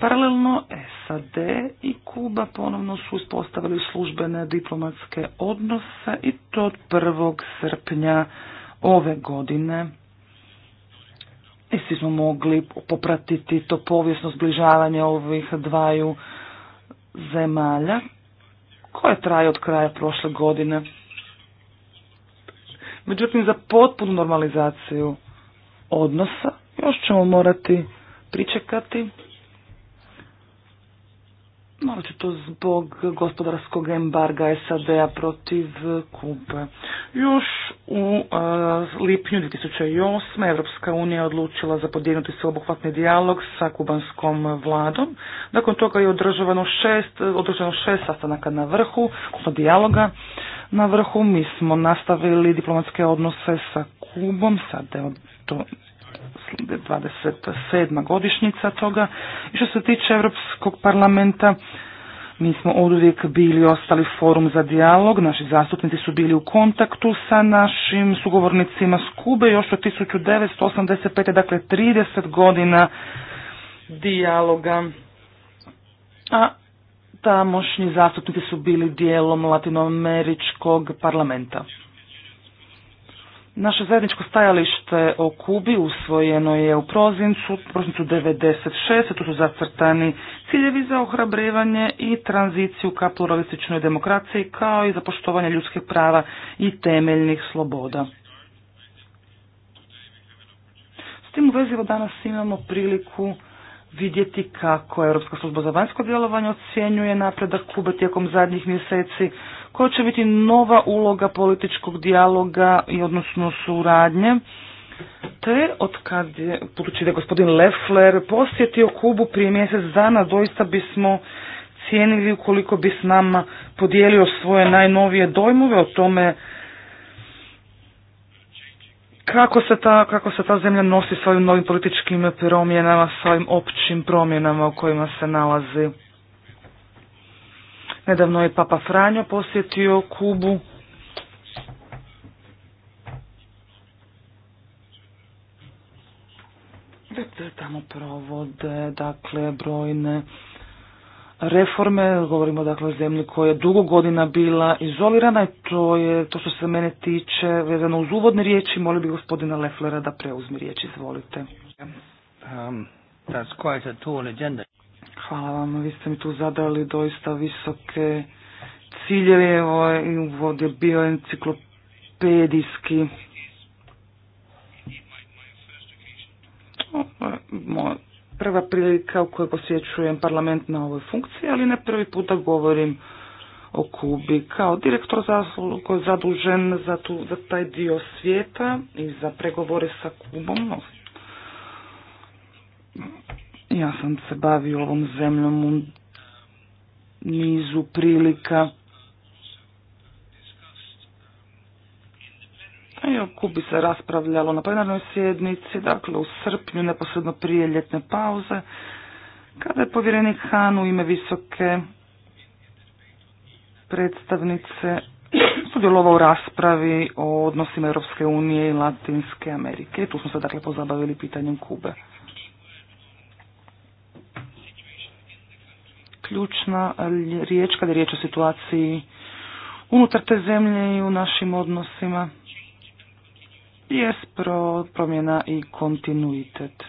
Paralelno SAD i Kuba ponovno su uspostavili službene diplomatske odnose i to od 1. srpnja ove godine. I svi smo mogli popratiti to povijesno zbližavanje ovih dvaju zemalja koje traje od kraja prošle godine. Međutim, za potpunu normalizaciju odnosa. Još ćemo morati pričekati. će to zbog gospodarskog embarga SAD-a protiv Kube. Još u e, lipnju 2008. Evropska unija odlučila za sveobuhvatni dijalog sa kubanskom vladom. Nakon toga je održavano šest, održano šest sastanaka na vrhu, odnosno dijaloga na vrhu. Mi smo nastavili diplomatske odnose sa Kubom, sad je to 27. godišnjica toga. I što se tiče Europskog parlamenta, mi smo uvijek bili ostali forum za dijalog, naši zastupnici su bili u kontaktu sa našim sugovornicima s Kube još od 1985. dakle 30 godina dijaloga. A tamošnji zastupnici su bili dijelom latinoameričkog parlamenta. Naše zajedničko stajalište o Kubi usvojeno je u prozincu, prozincu 96. Tu su zacrtani ciljevi za ohrabrivanje i tranziciju ka pluralističnoj demokraciji kao i za poštovanje ljudskih prava i temeljnih sloboda. S tim u danas imamo priliku vidjeti kako Europska služba za vanjsko djelovanje ocjenjuje napredak Kube tijekom zadnjih mjeseci, koja će biti nova uloga političkog dijaloga i odnosno suradnje, te od kad je, budući da je gospodin Leffler posjetio Kubu prije mjesec dana, doista bismo cijenili ukoliko bi s nama podijelio svoje najnovije dojmove o tome kako se, ta, kako se ta zemlja nosi s ovim novim političkim promjenama, s ovim općim promjenama u kojima se nalazi. Nedavno je Papa Franjo posjetio Kubu. Tamo provode, dakle, brojne reforme, govorimo dakle o zemlji koja je dugo godina bila izolirana i to je to što se mene tiče vezano uz uvodne riječi, molim bih gospodina Leflera da preuzmi riječ, izvolite. Um, Hvala vam, vi ste mi tu zadali doista visoke ciljeve, i uvod je bio enciklopedijski. E, Moje prva prilika u kojoj posjećujem parlament na ovoj funkciji, ali ne prvi puta govorim o Kubi. Kao direktor koji je zadužen za, tu, za taj dio svijeta i za pregovore sa Kubom, ja sam se bavio ovom zemljom u nizu prilika I o Kubi se raspravljalo na plenarnoj sjednici, dakle u srpnju, neposredno prije ljetne pauze, kada je povjerenik Han u ime visoke predstavnice sudjelovao u raspravi o odnosima Europske unije i Latinske Amerike. tu smo se dakle pozabavili pitanjem Kube. Ključna riječ kada je riječ o situaciji unutar te zemlje i u našim odnosima je promjena i kontinuitet.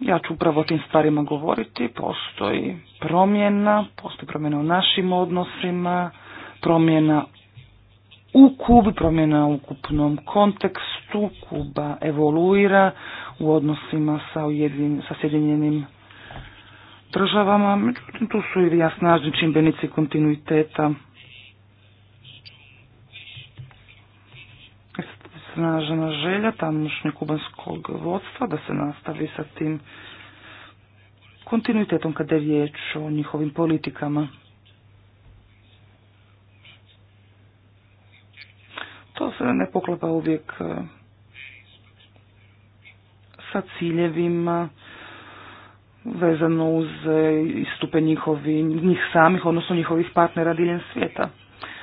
Ja ću upravo o tim stvarima govoriti, postoji promjena, postoji promjena u našim odnosima, promjena u Kubi, promjena u ukupnom kontekstu, Kuba evoluira u odnosima sa, ujedin, sa Sjedinjenim državama, međutim tu su i jasnažni čimbenici kontinuiteta. snažena želja tamošnjeg kubanskog vodstva da se nastavi sa tim kontinuitetom kada je riječ o njihovim politikama. To se ne poklapa uvijek e, sa ciljevima vezano uz e, istupe njihovi, njih samih, odnosno njihovih partnera diljem svijeta.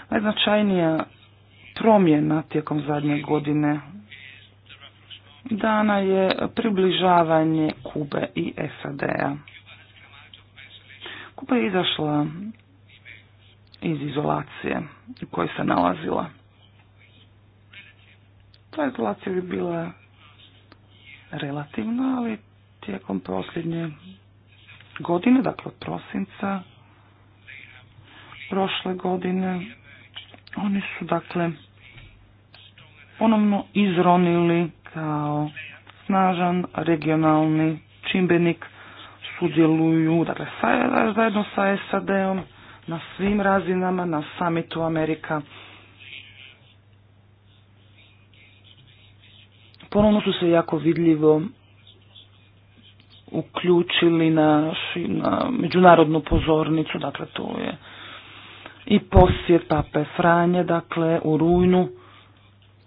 Najznačajnija promjena tijekom zadnje godine dana je približavanje Kube i SAD-a. Kuba je izašla iz izolacije u kojoj se nalazila. Ta izolacija bi bila relativna, ali tijekom posljednje godine, dakle od prosinca prošle godine, oni su dakle ponovno izronili kao snažan regionalni čimbenik sudjeluju dakle, zajedno sa SAD-om na svim razinama, na samitu Amerika. Ponovno su se jako vidljivo uključili na, na međunarodnu pozornicu, dakle to je i posjet pape Franje, dakle u rujnu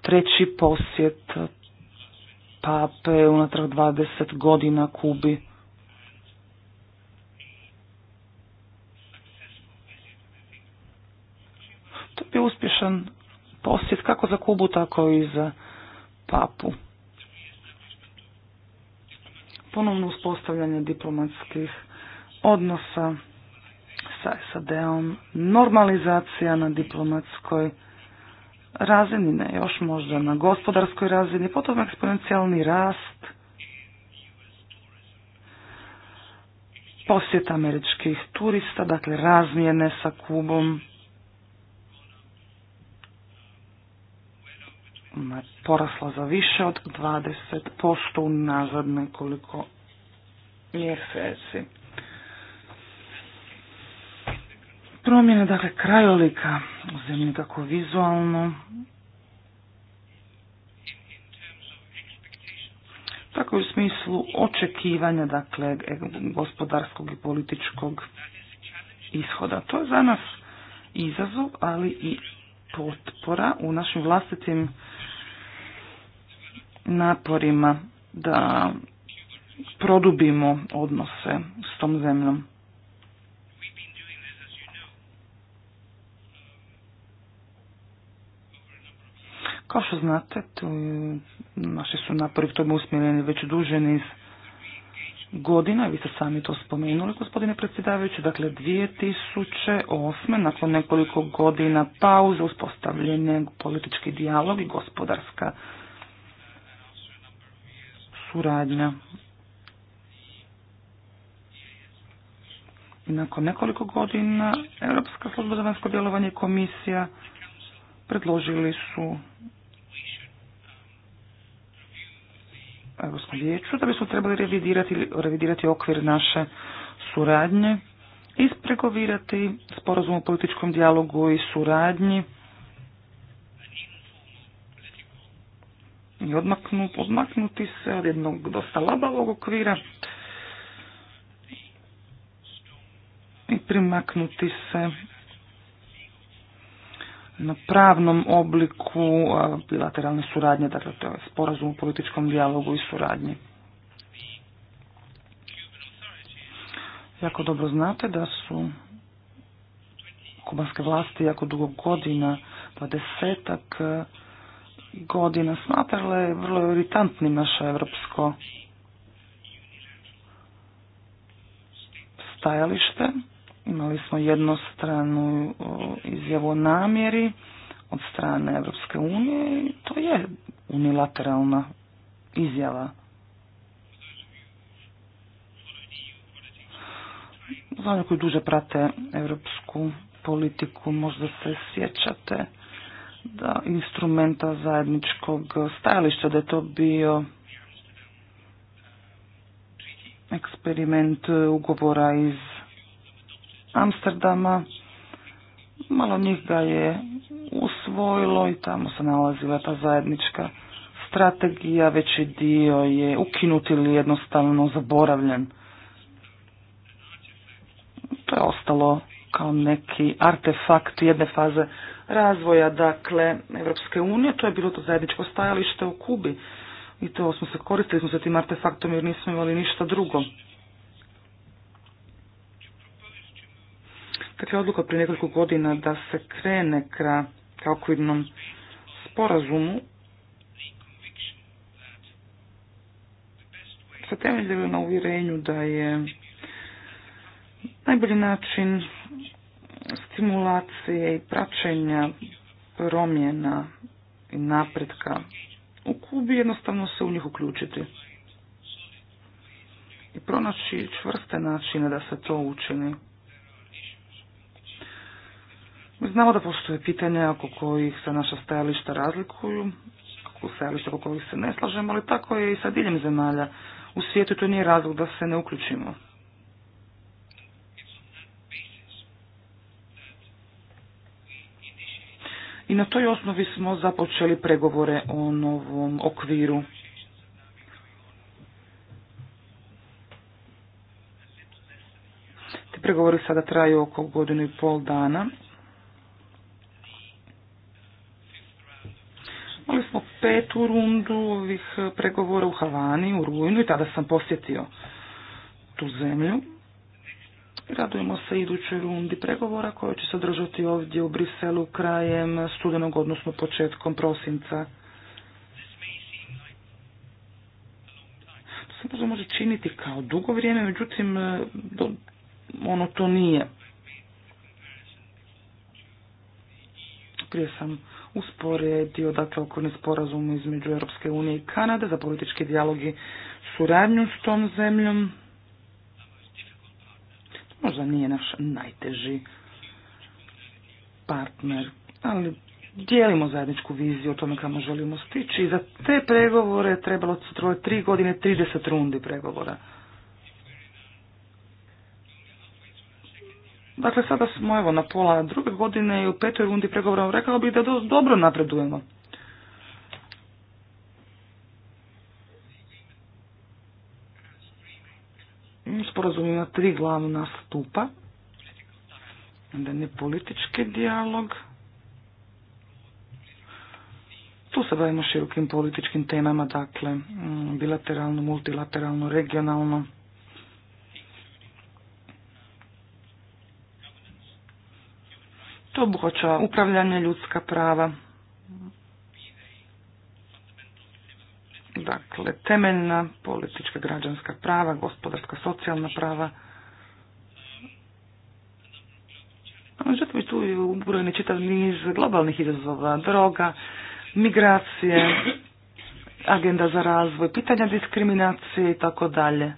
treći posjet pape unatrag 20 godina Kubi. To je uspješan posjet kako za Kubu, tako i za papu. Ponovno uspostavljanje diplomatskih odnosa sa SAD-om, normalizacija na diplomatskoj razini, još možda na gospodarskoj razini, potom eksponencijalni rast, posjet američkih turista, dakle razmjene sa Kubom, porasla za više od 20% unazad nekoliko mjeseci. Promjene, dakle, krajolika u zemlji kako vizualno, tako i u smislu očekivanja, dakle, gospodarskog i političkog ishoda. To je za nas izazov, ali i potpora u našim vlastitim naporima da produbimo odnose s tom zemljom. Kao što znate, tu, naši su napori k tome usmjereni već duže niz godina, vi ste sami to spomenuli, gospodine predsjedavajući, dakle 2008. nakon nekoliko godina pauze uspostavljen je politički dijalog i gospodarska suradnja. I nakon nekoliko godina Europska služba za vanjsko djelovanje komisija predložili su Europskom vijeću da bismo trebali revidirati, revidirati okvir naše suradnje, ispregovirati sporazum o političkom dijalogu i suradnji i odmaknu, odmaknuti se od jednog dosta labavog okvira i primaknuti se na pravnom obliku bilateralne suradnje, dakle to je sporazum u političkom dijalogu i suradnji. Jako dobro znate da su kubanske vlasti jako dugo godina, pa desetak godina smatrale vrlo iritantnim naše evropsko stajalište. Imali smo jednostranu izjavu o namjeri od strane Europske unije i to je unilateralna izjava. Za koji duže prate europsku politiku možda se sjećate da instrumenta zajedničkog stajališta da je to bio eksperiment ugovora iz Amsterdama. Malo njih ga je usvojilo i tamo se nalazila ta zajednička strategija, veći dio je ukinut ili jednostavno zaboravljen. To je ostalo kao neki artefakt jedne faze razvoja, dakle, Evropske unije, to je bilo to zajedničko stajalište u Kubi i to smo se koristili, smo se tim artefaktom jer nismo imali ništa drugo. Dakle, odluka prije nekoliko godina da se krene ka, ka okvirnom sporazumu se temeljima na uvjerenju da je najbolji način stimulacije i praćenja promjena i napretka u Kubi jednostavno se u njih uključiti i pronaći čvrste načine da se to učini. Znamo da postoje pitanja oko kojih se naša stajališta razlikuju, oko stajališta oko kojih se ne slažemo, ali tako je i sa diljem zemalja. U svijetu to nije razlog da se ne uključimo. I na toj osnovi smo započeli pregovore o novom okviru. Ti pregovori sada traju oko godinu i pol dana, Imali smo petu rundu ovih eh, pregovora u Havani u rujnu i tada sam posjetio tu zemlju. Radujemo se idućoj rundi pregovora koja će se držati ovdje u Briselu krajem studenog, odnosno početkom prosinca. To se može činiti kao dugo vrijeme, međutim, eh, ono to nije. Prije sam usporedio dakle okolni sporazum između Europske unije i Kanade za politički dijalog i suradnju s tom zemljom. Možda nije naš najteži partner, ali dijelimo zajedničku viziju o tome kamo želimo stići i za te pregovore trebalo se troje tri godine 30 rundi pregovora. Dakle, sada smo evo na pola druge godine i u petoj rundi pregovora rekao bih da dobro napredujemo. Sporazum ima tri glavna stupa. Onda ne politički dijalog. Tu se bavimo širokim političkim temama, dakle, mm, bilateralno, multilateralno, regionalno. To obuhvaća upravljanje ljudska prava. Dakle, temeljna politička građanska prava, gospodarska socijalna prava. Međutim, tu je čitav niz globalnih izazova, droga, migracije, agenda za razvoj, pitanja diskriminacije i tako dalje.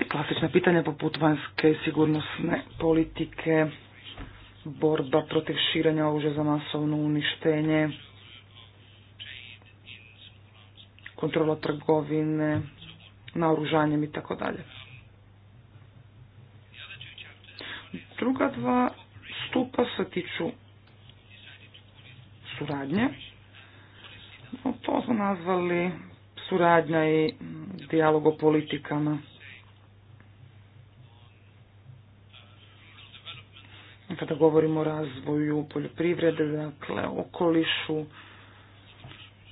I klasična pitanja poput vanjske sigurnosne politike, borba protiv širenja oružja za masovno uništenje, kontrola trgovine, naoružanjem i tako dalje. Druga dva stupa se tiču suradnje. to smo nazvali suradnja i dijalog o politikama. kada govorimo o razvoju poljoprivrede, dakle okolišu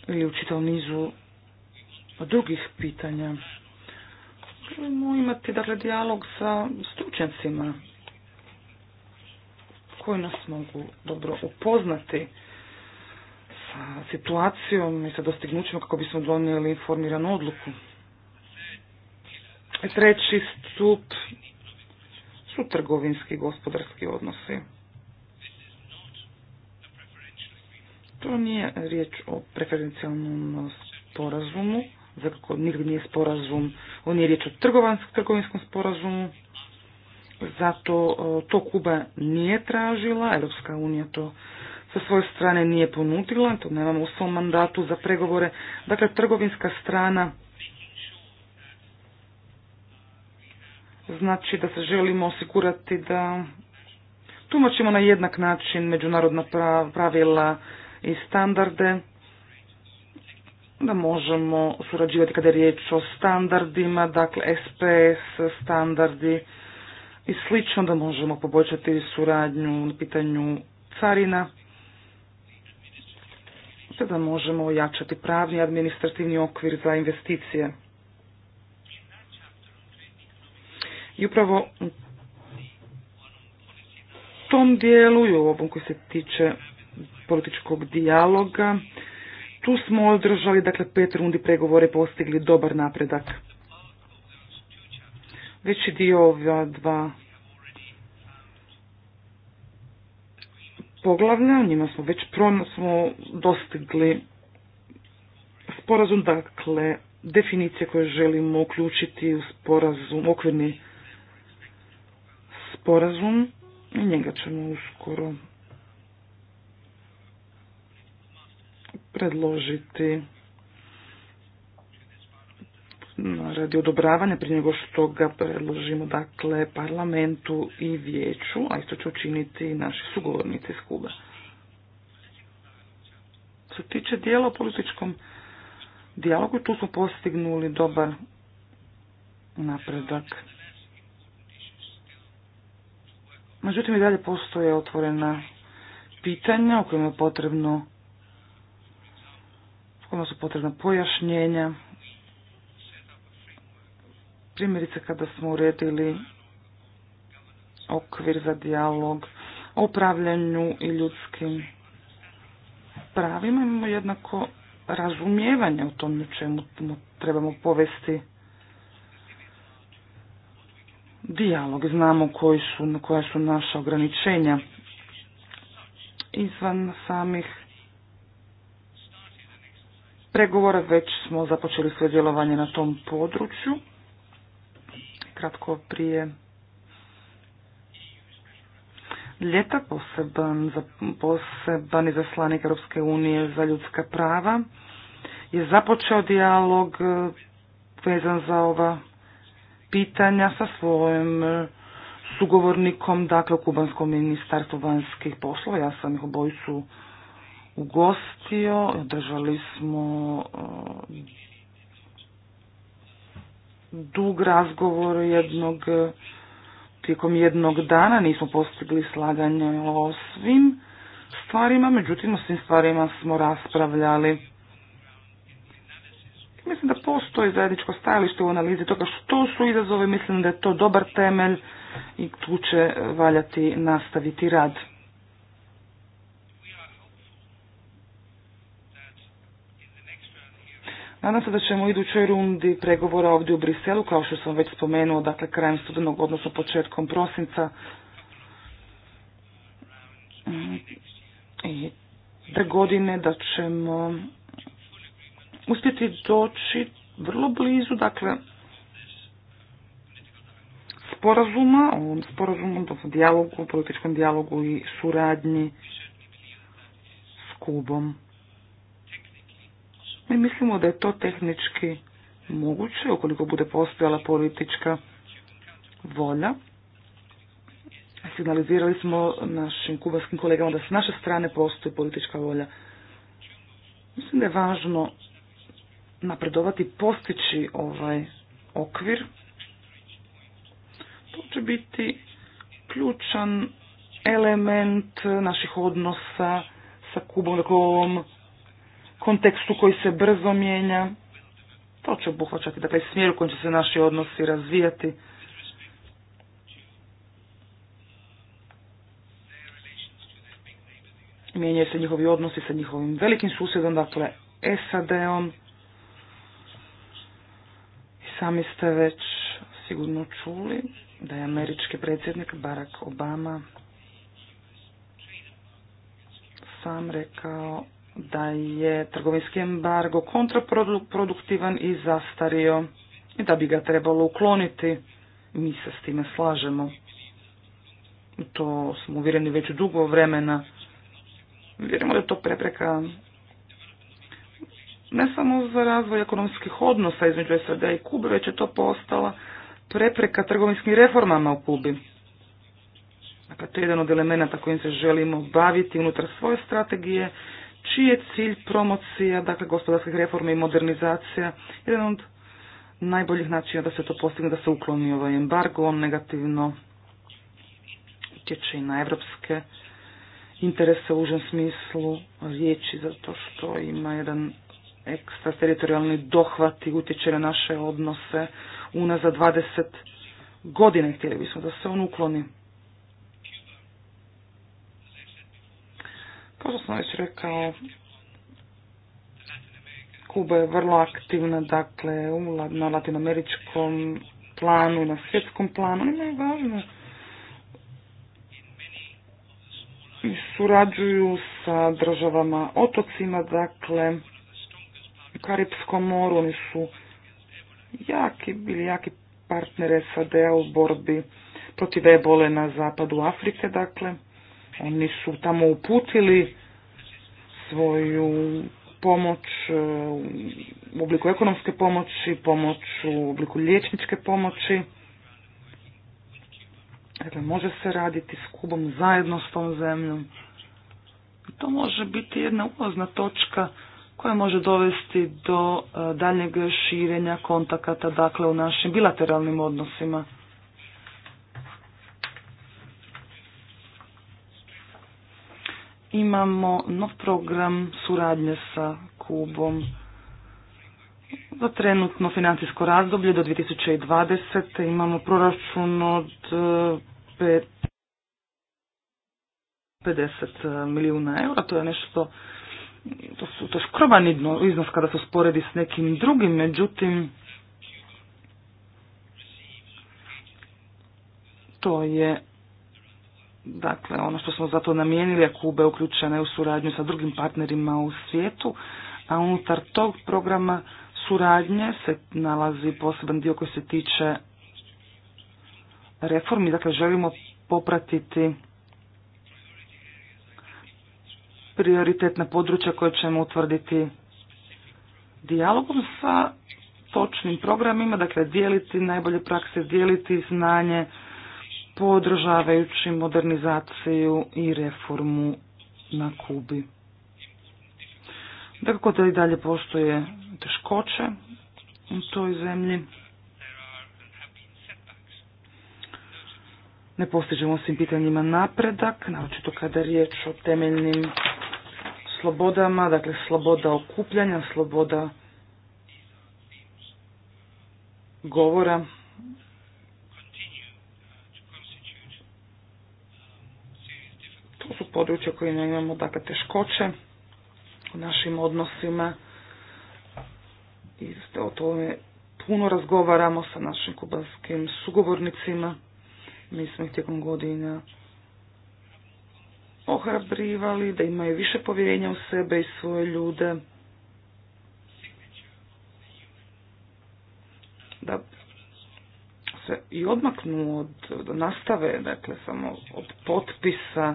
ili u čitavom nizu drugih pitanja. Želimo imati dakle dijalog sa stručnjacima koji nas mogu dobro upoznati sa situacijom i sa dostignućima kako bismo donijeli informiranu odluku. Treći stup su trgovinski gospodarski odnosi. To nije riječ o preferencijalnom sporazumu, zakako nigdje nije sporazum, on je riječ o trgovinskom sporazumu, zato e, to Kuba nije tražila, Europska unija to sa svoje strane nije ponudila, to nemamo u svom mandatu za pregovore. Dakle, trgovinska strana znači da se želimo osigurati da tumačimo na jednak način međunarodna pravila i standarde, da možemo surađivati kada je riječ o standardima, dakle SPS standardi i slično, da možemo poboljšati suradnju na pitanju carina, te da možemo ojačati pravni administrativni okvir za investicije. I upravo u tom dijelu i u ovom koji se tiče političkog dijaloga, tu smo održali dakle, pet rundi pregovore postigli dobar napredak. Veći dio ova dva poglavlja, u njima smo već pro smo dostigli sporazum, dakle, definicije koje želimo uključiti u sporazum, okvirni sporazum i njega ćemo uskoro predložiti radi odobravanja prije nego što ga predložimo dakle parlamentu i vijeću, a isto će učiniti naši sugovornici iz Kuba. Što se tiče dijela o političkom dijalogu, tu smo postignuli dobar napredak. Međutim, i dalje postoje otvorena pitanja u kojima je potrebno kojima su potrebna pojašnjenja. Primjerice kada smo uredili okvir za dijalog o upravljanju i ljudskim pravima imamo jednako razumijevanje u tome čemu trebamo povesti dijalog. Znamo koji su, koja su naša ograničenja izvan samih pregovora. Već smo započeli svoje djelovanje na tom području. Kratko prije ljeta poseban, poseban izaslanik Europske unije za ljudska prava je započeo dijalog vezan za ova pitanja sa svojim e, sugovornikom, dakle u Kubanskom ministarstvu vanjskih poslova. Ja sam ih obojicu ugostio, održali smo e, dug razgovor jednog e, tijekom jednog dana nismo postigli slaganje o svim stvarima, međutim o svim stvarima smo raspravljali. Mislim da postoji zajedničko stajalište u analizi toga što su izazove, mislim da je to dobar temelj i tu će e, valjati nastaviti rad. Nadam se da ćemo u idućoj rundi pregovora ovdje u Briselu, kao što sam već spomenuo, dakle krajem studenog, odnosno početkom prosinca. Mm, I da godine da ćemo uspjeti doći vrlo blizu, dakle, sporazuma, o sporazumu, dakle, političkom dijalogu i suradnji s Kubom. Mi mislimo da je to tehnički moguće, ukoliko bude postojala politička volja. Signalizirali smo našim kubanskim kolegama da s naše strane postoji politička volja. Mislim da je važno napredovati, postići ovaj okvir, to će biti ključan element naših odnosa sa Kubom, dakle kontekstu koji se brzo mijenja. To će obuhvaćati, dakle, smjer u kojem će se naši odnosi razvijati. Mijenjaju se njihovi odnosi sa njihovim velikim susjedom, dakle, SAD-om. Sami ste već sigurno čuli da je američki predsjednik Barack Obama sam rekao da je trgovinski embargo kontraproduktivan i zastario i da bi ga trebalo ukloniti. Mi se s time slažemo. To smo uvjereni već dugo vremena. Vjerujemo da je to prepreka ne samo za razvoj ekonomskih odnosa između SAD i Kube, već je to postala prepreka trgovinskim reformama u Kubi. Dakle, to je jedan od elemenata kojim se želimo baviti unutar svoje strategije, čiji je cilj promocija, dakle, gospodarskih reformi i modernizacija, jedan od najboljih načina da se to postigne, da se ukloni ovaj embargo, on negativno utječe i na evropske interese u užem smislu riječi, zato što ima jedan ekstrateritorijalni dohvati utječe na naše odnose unazad 20 godina Htjeli bismo da se on ukloni. Kao što sam već rekao, Kuba je vrlo aktivna, dakle, na latinoameričkom planu, i na svjetskom planu. ne je I Surađuju sa državama otocima, dakle, Karipskom moru, oni su jaki, bili jaki partnere SAD-a u borbi protiv ebole na zapadu Afrike, dakle. Oni su tamo uputili svoju pomoć e, u obliku ekonomske pomoći, pomoć u obliku liječničke pomoći. Dakle, može se raditi s Kubom zajedno s tom zemljom. To može biti jedna ulazna točka koje može dovesti do e, daljnjeg širenja kontakata dakle u našim bilateralnim odnosima. Imamo nov program suradnje sa Kubom za trenutno financijsko razdoblje do 2020. Imamo proračun od 50 e, e, milijuna eura, to je nešto to, su, to je skroman iznos kada se usporedi s nekim drugim, međutim, to je dakle ono što smo zato namijenili, a Kube je u suradnju sa drugim partnerima u svijetu, a unutar tog programa suradnje se nalazi poseban dio koji se tiče reformi, dakle želimo popratiti prioritetna područja koje ćemo utvrditi dijalogom sa točnim programima, dakle dijeliti najbolje prakse, dijeliti znanje, podržavajući modernizaciju i reformu na Kubi. Dakle, da i dalje postoje teškoće u toj zemlji. Ne postižemo svim pitanjima napredak, naročito kada je riječ o temeljnim slobodama, dakle sloboda okupljanja, sloboda govora. To su područja koje imamo dakle teškoće u našim odnosima i o tome puno razgovaramo sa našim kubanskim sugovornicima. Mi smo ih tijekom godina ohrabrivali, da imaju više povjerenja u sebe i svoje ljude. Da se i odmaknu od, da nastave, dakle, samo od potpisa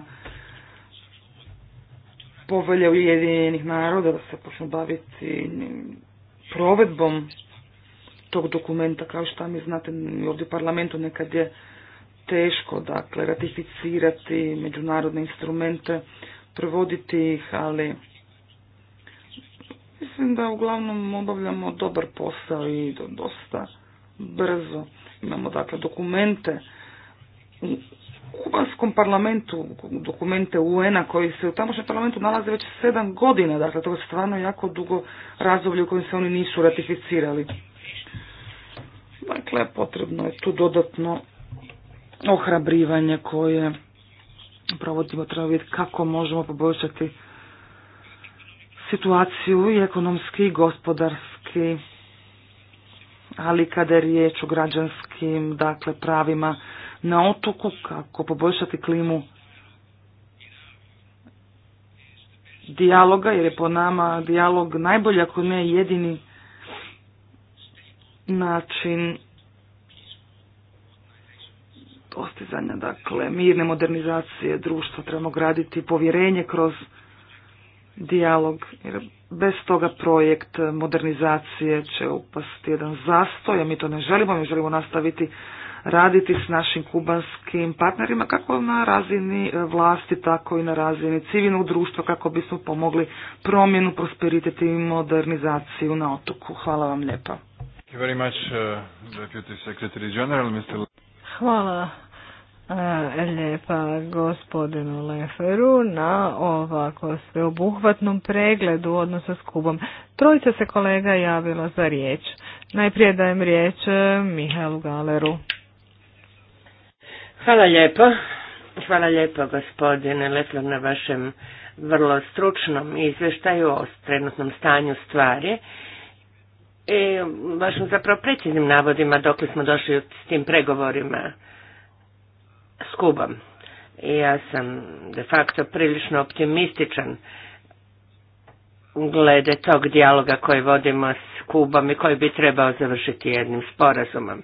povelje Ujedinjenih naroda, da se počnu baviti provedbom tog dokumenta, kao što mi znate, ovdje u parlamentu nekad je teško dakle ratificirati međunarodne instrumente, provoditi ih, ali mislim da uglavnom obavljamo dobar posao i dosta brzo. Imamo dakle dokumente u kubanskom parlamentu, dokumente UN-a koji se u tamošnjem parlamentu nalaze već sedam godina, dakle to je stvarno jako dugo razdoblje u kojem se oni nisu ratificirali. Dakle, potrebno je tu dodatno ohrabrivanje koje provodimo treba vidjeti kako možemo poboljšati situaciju i ekonomski i gospodarski, ali kada je riječ o građanskim dakle, pravima na otoku, kako poboljšati klimu dijaloga, jer je po nama dijalog najbolji ako ne jedini način postizanja dakle mirne modernizacije društva trebamo graditi povjerenje kroz dijalog jer bez toga projekt modernizacije će upasti jedan zastoj a mi to ne želimo mi želimo nastaviti raditi s našim kubanskim partnerima kako na razini e, vlasti tako i na razini civilnog društva kako bismo pomogli promjenu prosperitet i modernizaciju na otoku hvala vam lijepa Thank you very much, uh, Deputy Secretary General, Mr. Hvala eh, lijepa gospodinu Leferu na ovako sveobuhvatnom pregledu odnosa s Kubom. Trojica se kolega javila za riječ. Najprije dajem riječ eh, Mihaelu Galeru. Hvala lijepo. Hvala lijepo gospodine Lefer na vašem vrlo stručnom izvještaju o trenutnom stanju stvari i e, vašim zapravo preciznim navodima dok smo došli s tim pregovorima s Kubom. I ja sam de facto prilično optimističan glede tog dijaloga koji vodimo s Kubom i koji bi trebao završiti jednim sporazumom.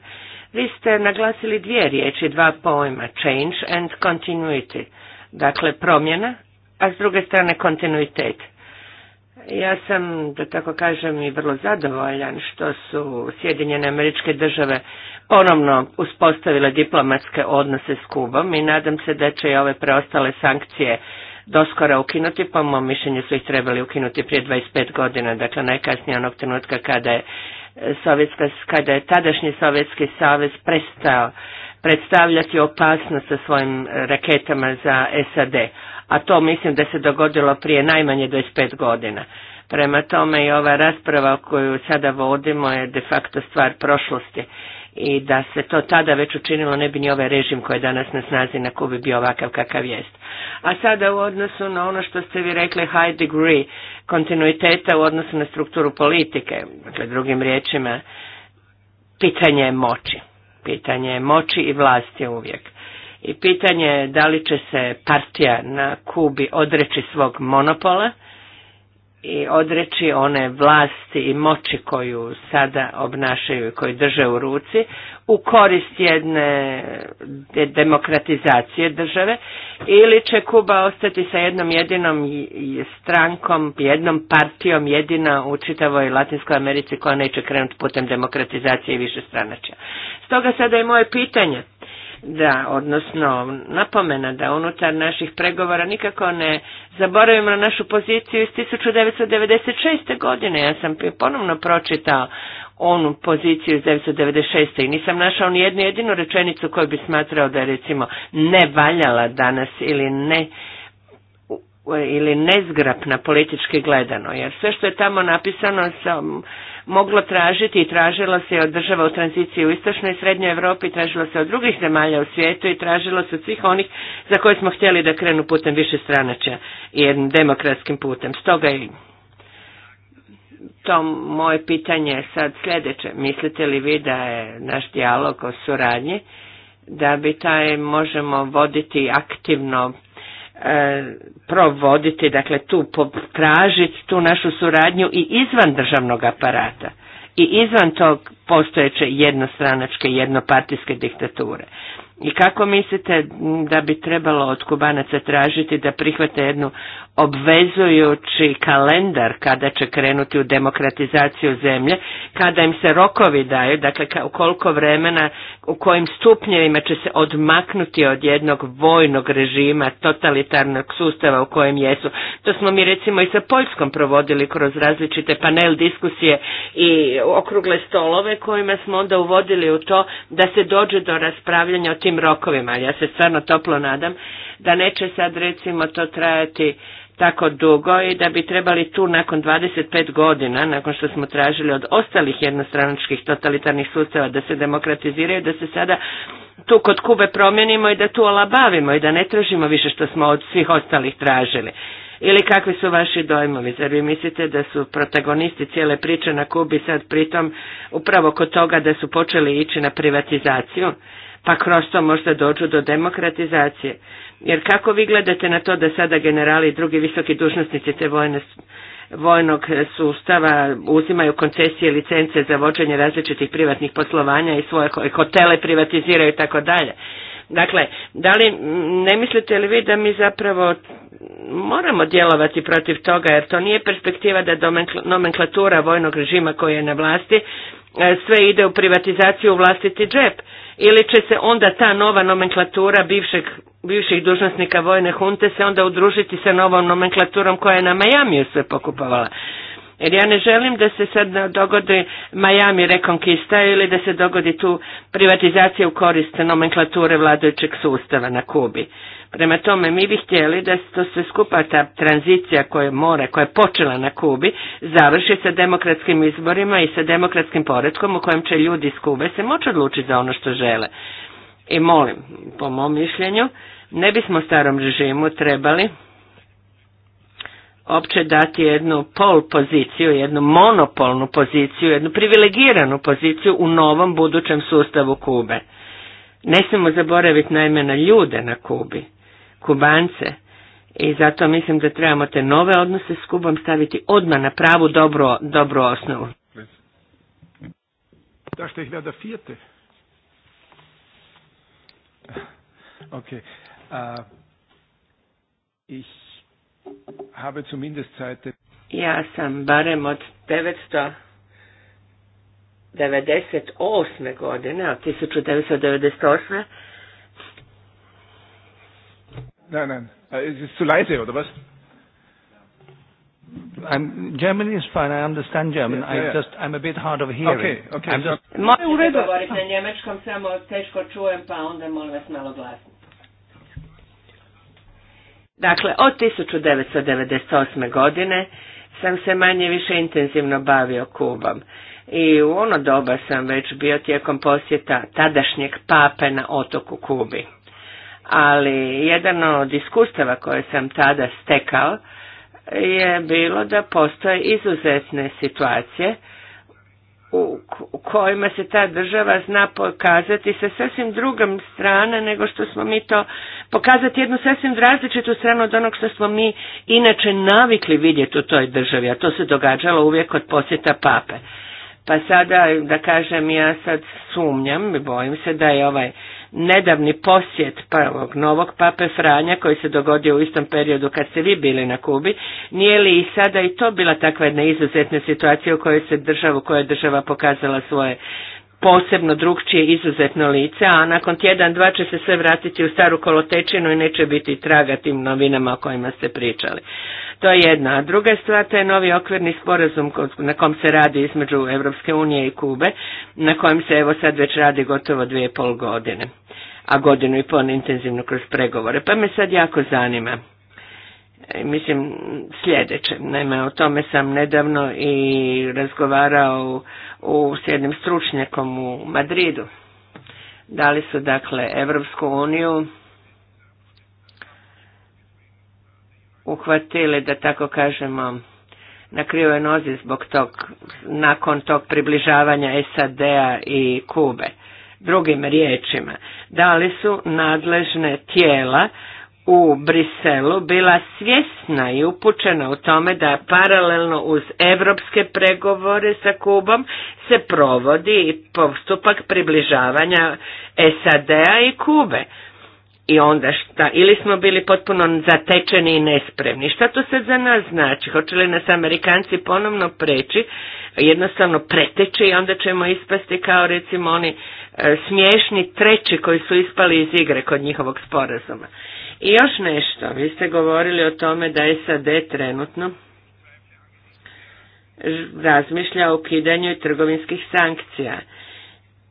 Vi ste naglasili dvije riječi, dva pojma, change and continuity, dakle promjena, a s druge strane kontinuitet. Ja sam, da tako kažem, i vrlo zadovoljan što su Sjedinjene američke države ponovno uspostavile diplomatske odnose s Kubom i nadam se da će i ove preostale sankcije doskora ukinuti, po mom mišljenju su ih trebali ukinuti prije 25 godina, dakle najkasnije onog trenutka kada je, Sovjetska, kada je tadašnji Sovjetski savez prestao predstavljati opasnost sa svojim raketama za SAD a to mislim da se dogodilo prije najmanje 25 godina. Prema tome i ova rasprava koju sada vodimo je de facto stvar prošlosti i da se to tada već učinilo ne bi ni ovaj režim koji je danas na snazi na Kubi bio ovakav kakav jest. A sada u odnosu na ono što ste vi rekli high degree kontinuiteta u odnosu na strukturu politike, dakle drugim riječima pitanje je moći. Pitanje je moći i vlasti uvijek i pitanje je da li će se partija na Kubi odreći svog monopola i odreći one vlasti i moći koju sada obnašaju i koju drže u ruci u korist jedne demokratizacije države ili će Kuba ostati sa jednom jedinom strankom, jednom partijom jedina u čitavoj Latinskoj Americi koja neće krenuti putem demokratizacije i više Stoga sada je moje pitanje da, odnosno napomena da unutar naših pregovora nikako ne zaboravimo na našu poziciju iz 1996. godine. Ja sam ponovno pročitao onu poziciju iz 1996. i nisam našao ni jednu jedinu rečenicu koju bi smatrao da je recimo ne valjala danas ili ne ili nezgrapna politički gledano, jer sve što je tamo napisano sam moglo tražiti i tražilo se od država u tranziciji u istočnoj i srednjoj Europi, tražilo se od drugih zemalja u svijetu i tražilo se od svih onih za koje smo htjeli da krenu putem više stranača i jednim demokratskim putem. Stoga i to moje pitanje je sad sljedeće. Mislite li vi da je naš dijalog o suradnji, da bi taj možemo voditi aktivno E, provoditi, dakle tu potražiti tu našu suradnju i izvan državnog aparata i izvan tog postojeće jednostranačke, jednopartijske diktature. I kako mislite da bi trebalo od Kubanaca tražiti da prihvate jednu obvezujući kalendar kada će krenuti u demokratizaciju zemlje, kada im se rokovi daju, dakle u koliko vremena, u kojim stupnjevima će se odmaknuti od jednog vojnog režima, totalitarnog sustava u kojem jesu. To smo mi recimo i sa Poljskom provodili kroz različite panel diskusije i okrugle stolove kojima smo onda uvodili u to da se dođe do raspravljanja o tim rokovima. Ja se stvarno toplo nadam da neće sad recimo to trajati tako dugo i da bi trebali tu nakon 25 godina, nakon što smo tražili od ostalih jednostranačkih totalitarnih sustava da se demokratiziraju, da se sada tu kod Kube promijenimo i da tu olabavimo i da ne tražimo više što smo od svih ostalih tražili. Ili kakvi su vaši dojmovi? Zar vi mislite da su protagonisti cijele priče na Kubi sad pritom upravo kod toga da su počeli ići na privatizaciju? pa kroz to možda dođu do demokratizacije. Jer kako vi gledate na to da sada generali i drugi visoki dužnosnici te vojne, vojnog sustava uzimaju koncesije, licence za vođenje različitih privatnih poslovanja i svoje hotele privatiziraju i tako dalje. Dakle, da li ne mislite li vi da mi zapravo moramo djelovati protiv toga jer to nije perspektiva da nomenklatura vojnog režima koji je na vlasti e, sve ide u privatizaciju u vlastiti džep ili će se onda ta nova nomenklatura bivšeg, bivših dužnosnika vojne hunte se onda udružiti sa novom nomenklaturom koja je na Majamiju sve pokupovala. Jer ja ne želim da se sad dogodi Miami rekonkista ili da se dogodi tu privatizacija u korist nomenklature vladajućeg sustava na Kubi. Prema tome, mi bi htjeli da to sve skupa ta tranzicija koja more koja je počela na Kubi, završi sa demokratskim izborima i sa demokratskim poredkom u kojem će ljudi iz Kube se moći odlučiti za ono što žele. I molim, po mom mišljenju, ne bismo starom režimu trebali opće dati jednu pol poziciju, jednu monopolnu poziciju, jednu privilegiranu poziciju u novom budućem sustavu Kube. Ne smijemo zaboraviti naime na ljude na Kubi. Kubance i zato mislim da trebamo te nove odnose s Kubom staviti odmah na pravu dobro, dobru osnovu. Da ste ih der vierte. Okay. ich habe zumindest seit Ja sam barem od 998. godine, od 1998. Nein, nein. Äh, es ist zu leise, oder was? I'm, German is fine, I understand German. Yeah, yeah. I just, I'm a bit hard of hearing. Okay, okay. I'm just... Možete uredu... govoriti Dakle, od 1998. godine sam se manje više intenzivno bavio Kubom. I u ono doba sam već bio tijekom posjeta tadašnjeg pape na otoku Kubi ali jedan od iskustava koje sam tada stekao je bilo da postoje izuzetne situacije u kojima se ta država zna pokazati sa sasvim drugom strane nego što smo mi to pokazati jednu sasvim različitu stranu od onog što smo mi inače navikli vidjeti u toj državi, a to se događalo uvijek od posjeta pape. Pa sada, da kažem, ja sad sumnjam i bojim se da je ovaj nedavni posjet prvog novog pape Franja koji se dogodio u istom periodu kad ste vi bili na Kubi, nije li i sada i to bila takva jedna izuzetna situacija u kojoj se država, u kojoj je država pokazala svoje posebno drugčije izuzetno lice, a nakon tjedan, dva će se sve vratiti u staru kolotečinu i neće biti traga tim novinama o kojima ste pričali. To je jedna. A druga stvar, to je novi okvirni sporazum na kom se radi između Europske unije i Kube, na kojem se evo sad već radi gotovo dvije pol godine, a godinu i pol intenzivno kroz pregovore. Pa me sad jako zanima. E, mislim, sljedeće. Naime, o tome sam nedavno i razgovarao u, s jednim stručnjakom u Madridu. Dali su dakle Evropsku uniju uhvatili, da tako kažemo, na krivoj nozi zbog tog, nakon tog približavanja SAD-a i Kube. Drugim riječima, dali su nadležne tijela u Briselu bila svjesna i upućena u tome da paralelno uz evropske pregovore sa Kubom se provodi postupak približavanja SAD-a i Kube. I onda šta, ili smo bili potpuno zatečeni i nespremni. Šta to sad za nas znači? Hoće li nas Amerikanci ponovno preći, jednostavno preteći i onda ćemo ispasti kao recimo oni e, smiješni treći koji su ispali iz igre kod njihovog sporazuma. I još nešto, vi ste govorili o tome da SAD trenutno razmišlja o ukidanju trgovinskih sankcija.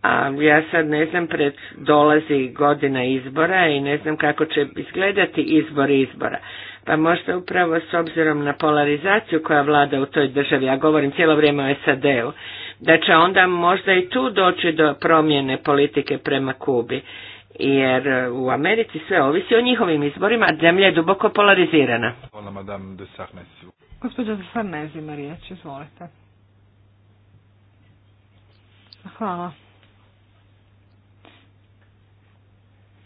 A ja sad ne znam, pred dolazi godina izbora i ne znam kako će izgledati izbor izbora. Pa možda upravo s obzirom na polarizaciju koja vlada u toj državi, ja govorim cijelo vrijeme o SAD-u, da će onda možda i tu doći do promjene politike prema Kubi jer e, u Americi sve ovisi o njihovim izborima, a zemlja je duboko polarizirana. Hvala, madame de Sarnesi. Gospođa de Sarnesi Marijeć, izvolite. Hvala.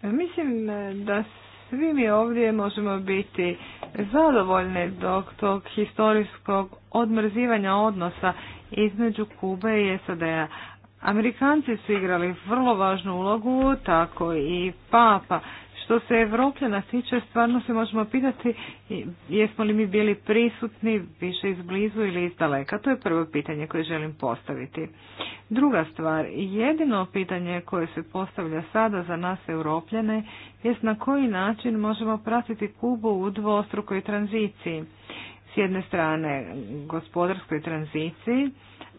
E, mislim e, da svi mi ovdje možemo biti zadovoljni dok tog historijskog odmrzivanja odnosa između Kube i SAD-a. Amerikanci su igrali vrlo važnu ulogu, tako i papa. Što se Evropljana tiče, stvarno se možemo pitati jesmo li mi bili prisutni više izblizu ili iz daleka. To je prvo pitanje koje želim postaviti. Druga stvar, jedino pitanje koje se postavlja sada za nas Europljane jest na koji način možemo pratiti Kubu u dvostrukoj tranziciji. S jedne strane gospodarskoj tranziciji,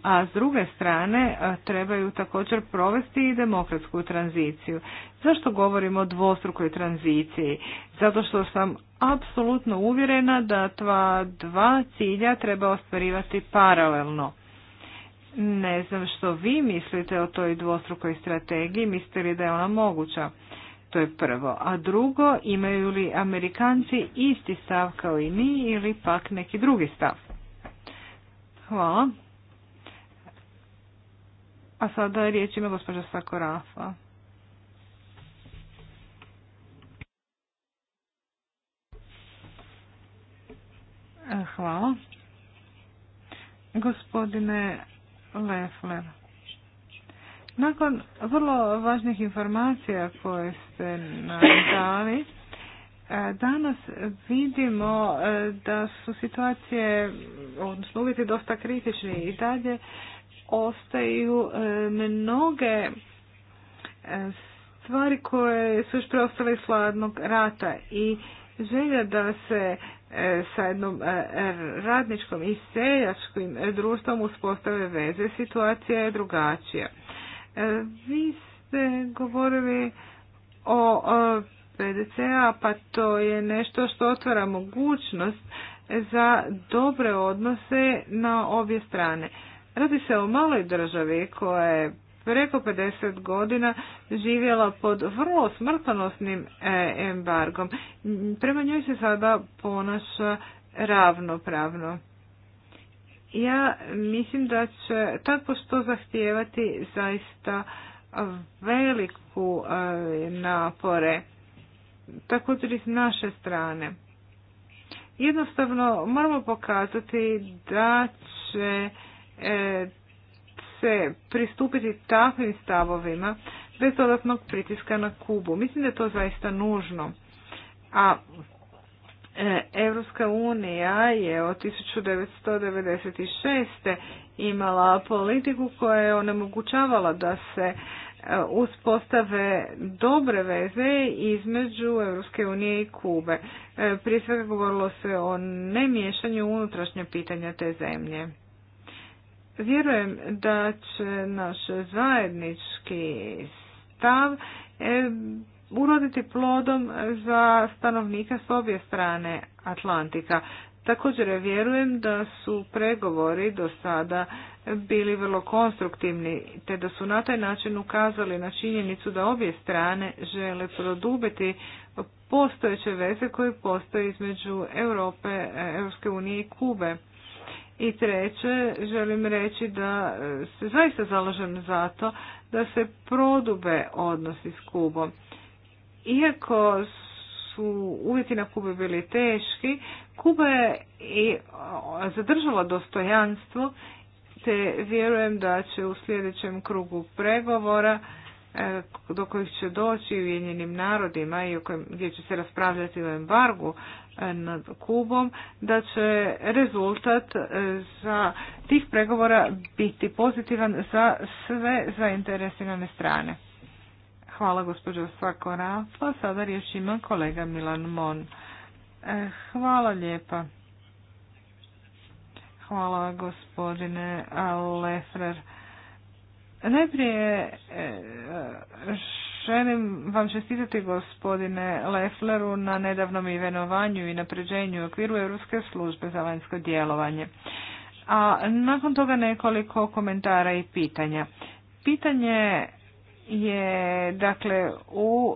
a s druge strane e, trebaju također provesti i demokratsku tranziciju. Zašto govorimo o dvostrukoj tranziciji? Zato što sam apsolutno uvjerena da tva dva cilja treba ostvarivati paralelno. Ne znam što vi mislite o toj dvostrukoj strategiji, mislite li da je ona moguća? To je prvo. A drugo, imaju li Amerikanci isti stav kao i mi ili pak neki drugi stav? Hvala. A sada riječ ima gospođa Sakorafa. E, hvala. Gospodine Lefler, nakon vrlo važnih informacija koje ste nam dali, e, danas vidimo e, da su situacije, odnosno uvjeti dosta kritični i dalje ostaju e, mnoge e, stvari koje su još preostale iz hladnog rata i želja da se e, sa jednom radničkom i seljačkim društvom uspostave veze, situacija je drugačija. Vi ste govorili o PDCA, pa to je nešto što otvara mogućnost za dobre odnose na obje strane. Radi se o maloj državi koja je preko 50 godina živjela pod vrlo smrtonosnim e, embargom. Prema njoj se sada ponaša ravnopravno. Ja mislim da će tako što zahtijevati zaista veliku e, napore, također i s naše strane. Jednostavno moramo pokazati da će E, se pristupiti takvim stavovima bez dodatnog pritiska na Kubu. Mislim da je to zaista nužno. A e, Evropska unija je od 1996. imala politiku koja je onemogućavala da se e, uspostave dobre veze između Europske unije i Kube. Prije svega govorilo se o nemiješanju unutrašnje pitanja te zemlje. Vjerujem da će naš zajednički stav e, uroditi plodom za stanovnika s obje strane Atlantika. Također vjerujem da su pregovori do sada bili vrlo konstruktivni, te da su na taj način ukazali na činjenicu da obje strane žele produbiti postojeće veze koje postoje između Europe, e, Europske unije i Kube. I treće, želim reći da e, se zaista zalažem za to da se prodube odnosi s Kubom. Iako su uvjeti na Kubi bili teški, Kuba je i e, zadržala dostojanstvo te vjerujem da će u sljedećem krugu pregovora E, do kojih će doći u Ujedinjenim narodima i kojim, gdje će se raspravljati o embargu e, nad Kubom, da će rezultat e, za tih pregovora biti pozitivan za sve zainteresirane strane. Hvala gospođo pa Sada riječ ima kolega Milan Mon. Hvala lijepa. Hvala gospodine Lefrer. Najprije e, želim vam čestitati gospodine Lefleru na nedavnom imenovanju i napređenju u okviru Europske službe za vanjsko djelovanje. A nakon toga nekoliko komentara i pitanja. Pitanje je dakle u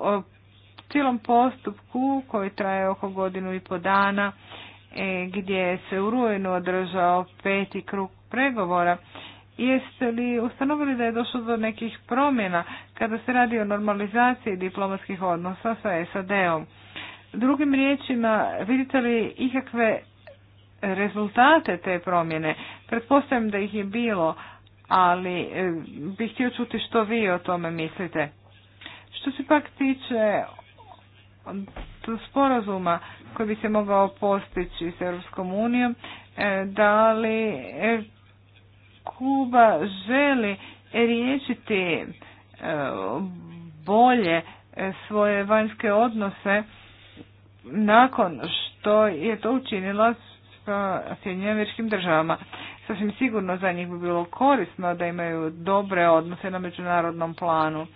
cijelom postupku koji traje oko godinu i po dana e, gdje se u rujnu održao peti krug pregovora Jeste li ustanovili da je došlo do nekih promjena kada se radi o normalizaciji diplomatskih odnosa sa SAD-om? Drugim riječima, vidite li ikakve rezultate te promjene? Pretpostavljam da ih je bilo, ali eh, bih htio čuti što vi o tome mislite. Što se pak tiče sporazuma koji bi se mogao postići s Europskom unijom, eh, da li eh, Kuba želi riješiti e, bolje e, svoje vanjske odnose nakon što je to učinila sa Sjedinjenim američkim državama. Sasvim sigurno za njih bi bilo korisno da imaju dobre odnose na međunarodnom planu.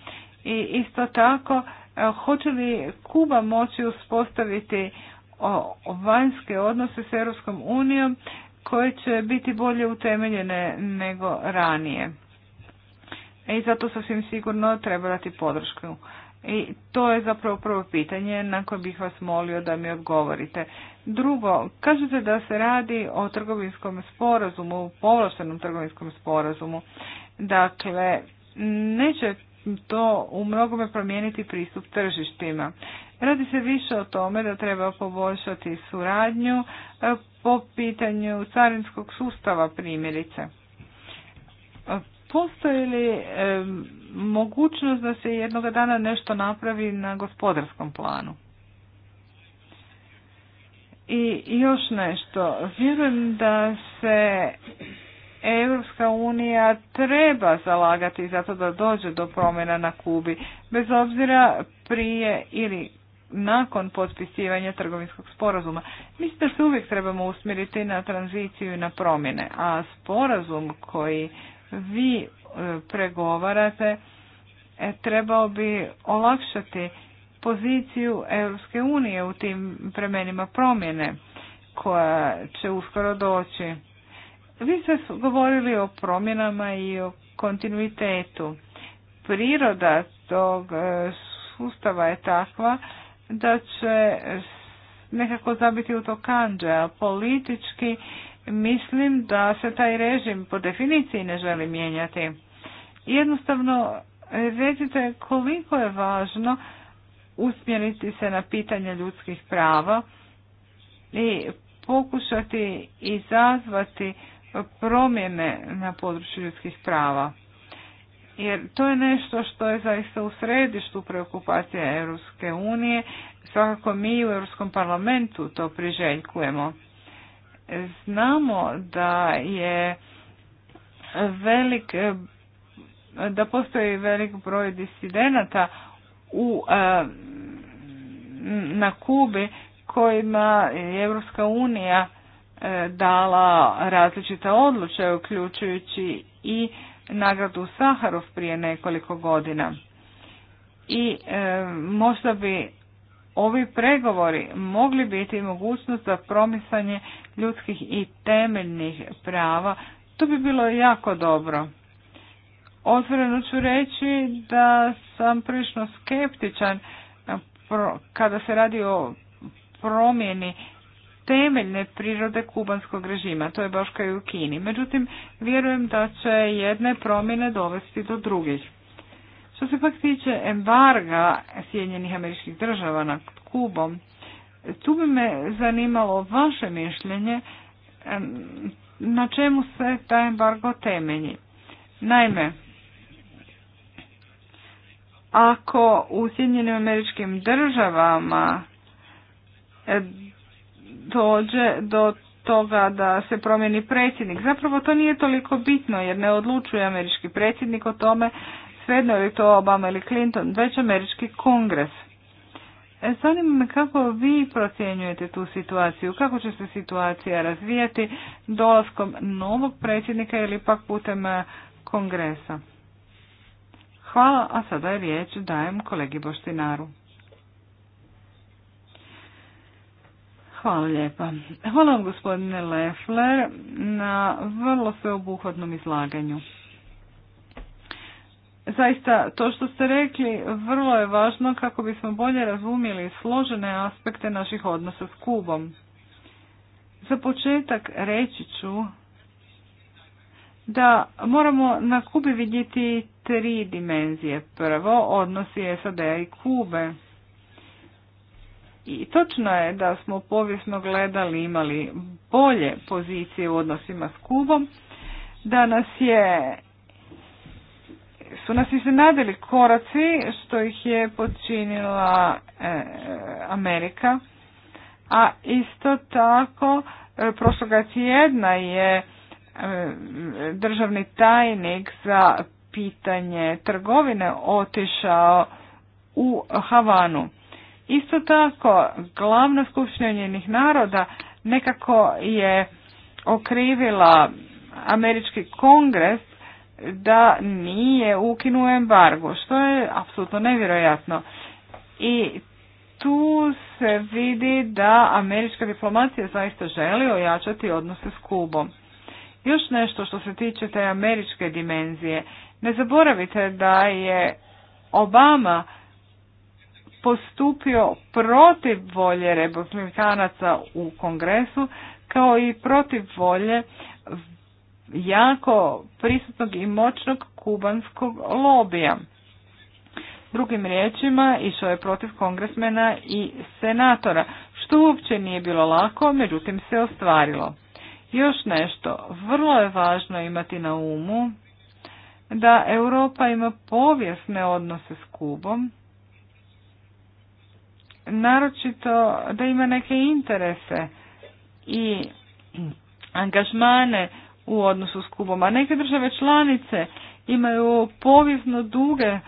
I isto tako, e, hoće li Kuba moći uspostaviti vanjske odnose s Europskom unijom koje će biti bolje utemeljene nego ranije. I zato sasvim sigurno treba dati podršku. I to je zapravo prvo pitanje na koje bih vas molio da mi odgovorite. Drugo, kažete da se radi o trgovinskom sporazumu, povlaštenom trgovinskom sporazumu. Dakle, neće to u mnogome promijeniti pristup tržištima. Radi se više o tome da treba poboljšati suradnju, po pitanju carinskog sustava primjerice. Postoji li mogućnost da se jednoga dana nešto napravi na gospodarskom planu? I još nešto. Vjerujem da se Europska unija treba zalagati zato da dođe do promjena na Kubi, bez obzira prije ili nakon potpisivanja trgovinskog sporazuma. Mislim da se uvijek trebamo usmjeriti na tranziciju i na promjene, a sporazum koji vi e, pregovarate e, trebao bi olakšati poziciju Europske unije u tim vremenima promjene koja će uskoro doći. Vi ste govorili o promjenama i o kontinuitetu. Priroda tog e, sustava je takva da će nekako zabiti u to kanđe, a politički mislim da se taj režim po definiciji ne želi mijenjati. Jednostavno recite koliko je važno usmjeriti se na pitanje ljudskih prava i pokušati izazvati promjene na području ljudskih prava jer to je nešto što je zaista u središtu preokupacije Europske unije. Svakako mi u Europskom parlamentu to priželjkujemo. Znamo da je velik da postoji velik broj disidenata u, e, na Kubi kojima je Europska unija e, dala različite odlučaje, uključujući i nagradu Saharov prije nekoliko godina. I e, možda bi ovi pregovori mogli biti mogućnost za promisanje ljudskih i temeljnih prava. To bi bilo jako dobro. Otvoreno ću reći da sam prilično skeptičan kada se radi o promjeni temeljne prirode kubanskog režima. To je baš kao i u Kini. Međutim, vjerujem da će jedne promjene dovesti do drugih. Što se pak tiče embarga Sjedinjenih američkih država nad Kubom, tu bi me zanimalo vaše mišljenje na čemu se taj embargo temelji. Naime, ako u Sjedinjenim američkim državama dođe do toga da se promijeni predsjednik. Zapravo to nije toliko bitno jer ne odlučuje američki predsjednik o tome, svejedno je to Obama ili Clinton, već američki kongres. E, zanima me kako vi procjenjujete tu situaciju, kako će se situacija razvijati dolaskom novog predsjednika ili pak putem e, kongresa. Hvala, a sada je riječ dajem kolegi Boštinaru. Hvala lijepa. Hvala vam gospodine Leffler na vrlo sveobuhvatnom izlaganju. Zaista, to što ste rekli vrlo je važno kako bismo bolje razumjeli složene aspekte naših odnosa s Kubom. Za početak reći ću da moramo na Kubi vidjeti tri dimenzije. Prvo, odnosi SAD-a i Kube. I točno je da smo povijesno gledali imali bolje pozicije u odnosima s Kubom. Danas je su nas iznenadili koraci što ih je počinila e, Amerika, a isto tako e, prošloga tjedna je e, državni tajnik za pitanje trgovine otišao u Havanu. Isto tako, glavna skupština njenih naroda nekako je okrivila američki kongres da nije ukinuo embargo, što je apsolutno nevjerojatno. I tu se vidi da američka diplomacija zaista želi ojačati odnose s Kubom. Još nešto što se tiče te američke dimenzije. Ne zaboravite da je Obama postupio protiv volje republikanaca u kongresu kao i protiv volje jako prisutnog i moćnog kubanskog lobija. Drugim riječima išao je protiv kongresmena i senatora, što uopće nije bilo lako, međutim se ostvarilo. Još nešto, vrlo je važno imati na umu da Europa ima povijesne odnose s Kubom naročito da ima neke interese i angažmane u odnosu s Kubom, a neke države članice imaju povijesno duge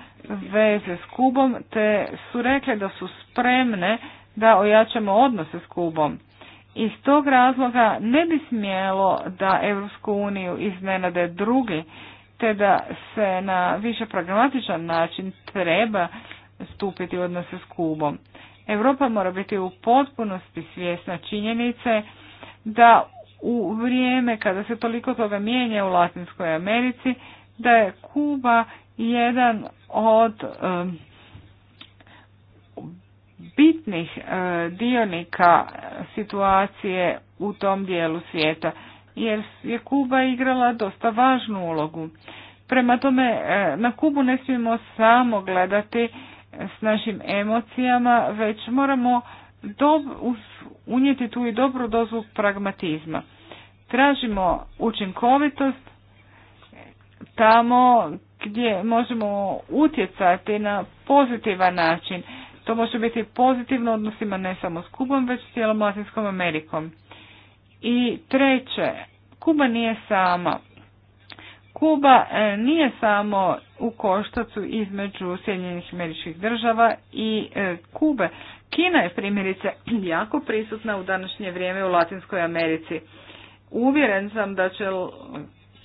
veze s Kubom te su rekle da su spremne da ojačamo odnose s Kubom. Iz tog razloga ne bi smjelo da Europsku uniju iznenade drugi, te da se na više pragmatičan način treba stupiti u odnose s Kubom. Europa mora biti u potpunosti svjesna činjenice da u vrijeme kada se toliko toga mijenja u Latinskoj Americi, da je Kuba jedan od bitnih e, dionika situacije u tom dijelu svijeta, jer je Kuba igrala dosta važnu ulogu. Prema tome, e, na Kubu ne smijemo samo gledati s našim emocijama, već moramo dob, unijeti tu i dobru dozu pragmatizma. Tražimo učinkovitost tamo gdje možemo utjecati na pozitivan način. To može biti pozitivno odnosima ne samo s Kubom, već s cijelom Latinskom Amerikom. I treće, Kuba nije sama. Kuba e, nije samo u koštacu između Sjedinjenih američkih država i e, Kube. Kina je primjerice jako prisutna u današnje vrijeme u Latinskoj Americi. Uvjeren sam da će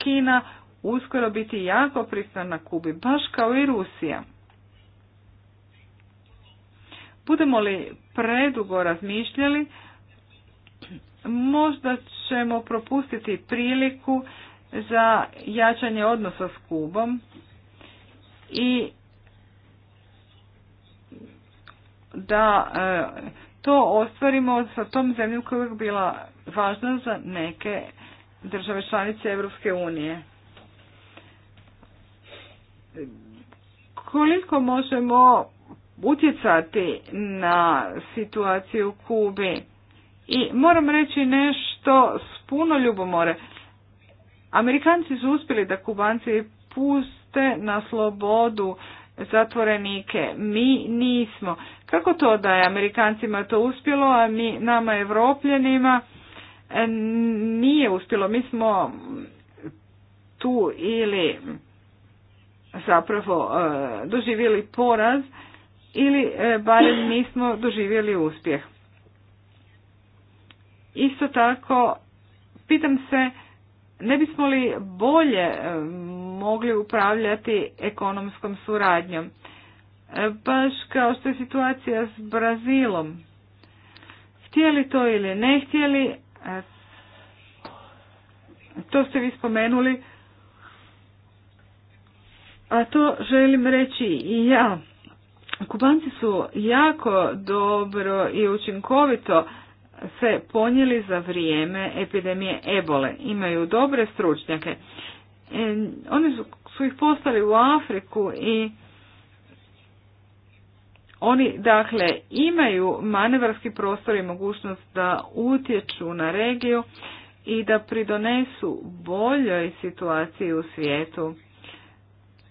Kina uskoro biti jako prisutna na Kubi, baš kao i Rusija. Budemo li predugo razmišljali, možda ćemo propustiti priliku za jačanje odnosa s Kubom i da e, to ostvarimo sa tom zemljom koja je bila važna za neke države članice Europske unije. Koliko možemo utjecati na situaciju u Kubi? I moram reći nešto s puno ljubomore. Amerikanci su uspjeli da Kubanci puste na slobodu zatvorenike. Mi nismo. Kako to da je Amerikancima to uspjelo, a mi, nama Evropljenima e, nije uspjelo. Mi smo tu ili zapravo e, doživjeli poraz ili e, barem nismo doživjeli uspjeh. Isto tako, pitam se ne bismo li bolje e, mogli upravljati ekonomskom suradnjom? E, baš kao što je situacija s Brazilom. Htjeli to ili ne htjeli, e, to ste vi spomenuli, a to želim reći i ja. Kubanci su jako dobro i učinkovito se ponijeli za vrijeme epidemije ebole. Imaju dobre stručnjake. E, oni su, ih postali u Afriku i oni dakle imaju manevarski prostor i mogućnost da utječu na regiju i da pridonesu boljoj situaciji u svijetu.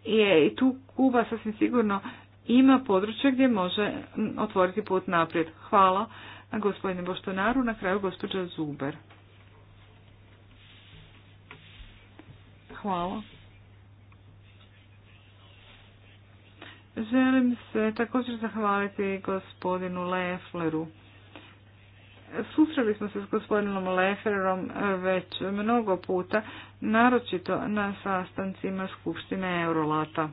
i tu Kuba sasvim sigurno ima područje gdje može otvoriti put naprijed. Hvala gospodine Boštonaru, na kraju gospođa Zuber. Hvala. Želim se također zahvaliti gospodinu Lefleru. Susreli smo se s gospodinom Leflerom već mnogo puta, naročito na sastancima Skupštine Eurolata.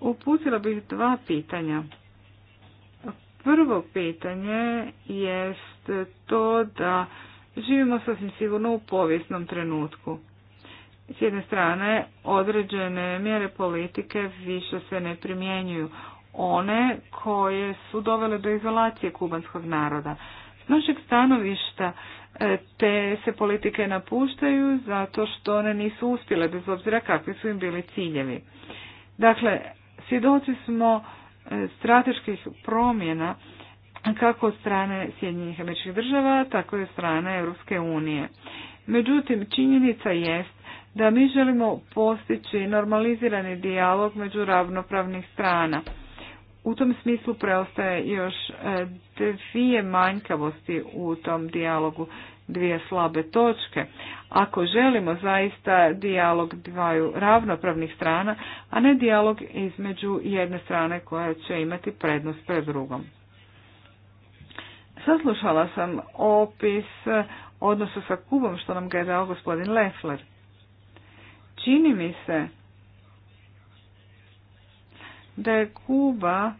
Uputila bih dva pitanja. Prvo pitanje jest to da živimo sasvim sigurno u povijesnom trenutku. S jedne strane, određene mjere politike više se ne primjenjuju. One koje su dovele do izolacije kubanskog naroda. S našeg stanovišta e, te se politike napuštaju zato što one nisu uspjele, bez obzira kakvi su im bili ciljevi. Dakle, svjedoci smo E, strateških promjena kako od strane Sjedinjenih američkih država, tako i od strane Europske unije. Međutim, činjenica jest da mi želimo postići normalizirani dijalog među ravnopravnih strana. U tom smislu preostaje još e, dvije manjkavosti u tom dijalogu dvije slabe točke. Ako želimo zaista dijalog dvaju ravnopravnih strana, a ne dijalog između jedne strane koja će imati prednost pred drugom. Saslušala sam opis odnosa sa Kubom što nam ga je dao gospodin Leffler. Čini mi se da je Kuba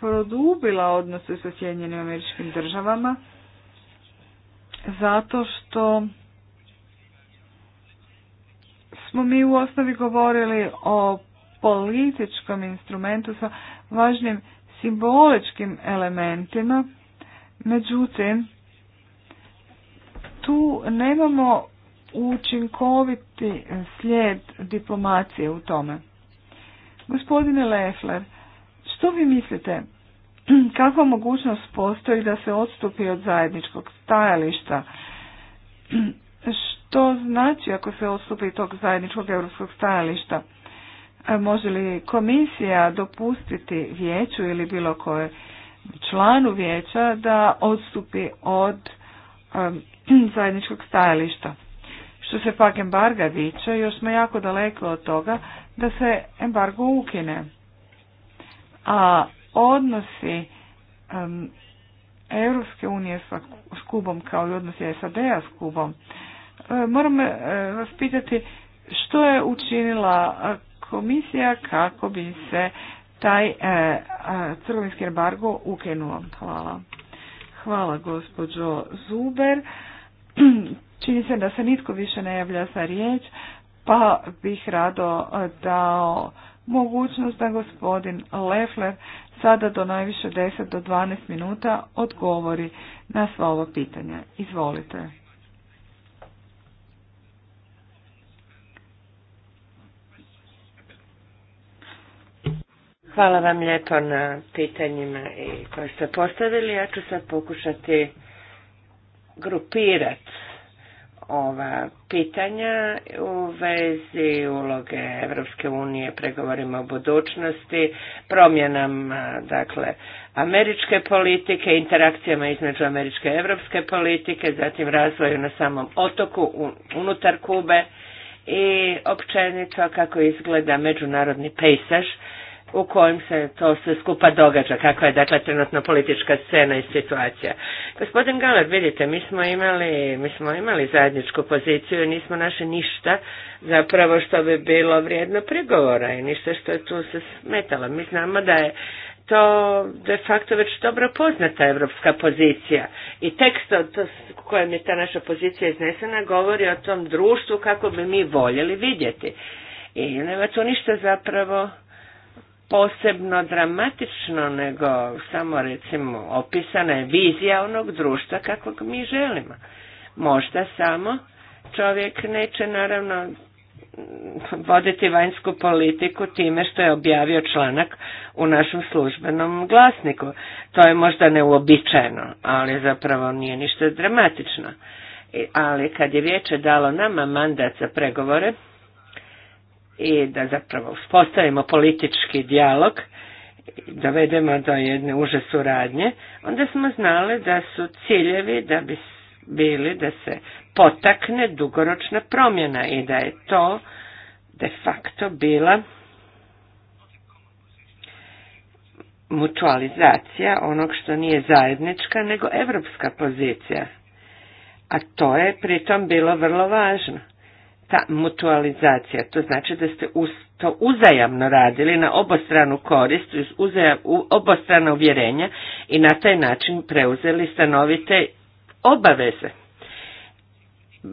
produbila odnose sa Sjedinjenim američkim državama zato što smo mi u osnovi govorili o političkom instrumentu sa važnim simboličkim elementima, međutim, tu nemamo učinkoviti slijed diplomacije u tome. Gospodine Lefler, što vi mislite, kakva mogućnost postoji da se odstupi od zajedničkog stajališta? Što znači ako se odstupi tog zajedničkog europskog stajališta? E, može li komisija dopustiti vijeću ili bilo koje članu vijeća da odstupi od zajedničkog stajališta? Što se pak embarga tiče, još smo jako daleko od toga da se embargo ukine. A odnosi um, Europske unije s Kubom kao i odnosi SAD-a s Kubom, e, moram e, vas pitati što je učinila e, komisija kako bi se taj crvenski embargo ukinuo. Hvala. Hvala gospođo Zuber. Čini se da se nitko više ne javlja za riječ, pa bih rado dao mogućnost da gospodin Lefler sada do najviše 10 do 12 minuta odgovori na sva ova pitanja. Izvolite. Hvala vam lijepo na pitanjima koje ste postavili. Ja ću sad pokušati grupirati ova pitanja u vezi uloge Evropske unije, pregovorima o budućnosti, promjenama dakle, američke politike, interakcijama između američke i evropske politike, zatim razvoju na samom otoku unutar Kube i općenito kako izgleda međunarodni pejsaž u kojem se to sve skupa događa, kakva je dakle trenutno politička scena i situacija. Gospodin Galer, vidite, mi smo imali, mi smo imali zajedničku poziciju i nismo naše ništa zapravo što bi bilo vrijedno prigovora i ništa što je tu se smetalo. Mi znamo da je to de facto već dobro poznata evropska pozicija. I tekst od kojem je ta naša pozicija iznesena govori o tom društvu kako bi mi voljeli vidjeti. I nema tu ništa zapravo posebno dramatično, nego samo recimo opisana je vizija onog društva kakvog mi želimo. Možda samo čovjek neće naravno voditi vanjsku politiku time što je objavio članak u našem službenom glasniku. To je možda neuobičajeno, ali zapravo nije ništa dramatično. Ali kad je vijeće dalo nama mandat za pregovore, i da zapravo uspostavimo politički dijalog, dovedemo do jedne uže suradnje, onda smo znali da su ciljevi da bi bili da se potakne dugoročna promjena i da je to de facto bila mutualizacija onog što nije zajednička nego evropska pozicija. A to je pritom bilo vrlo važno ta mutualizacija. To znači da ste to uzajamno radili na obostranu korist, uz obostrana uvjerenja i na taj način preuzeli stanovite obaveze.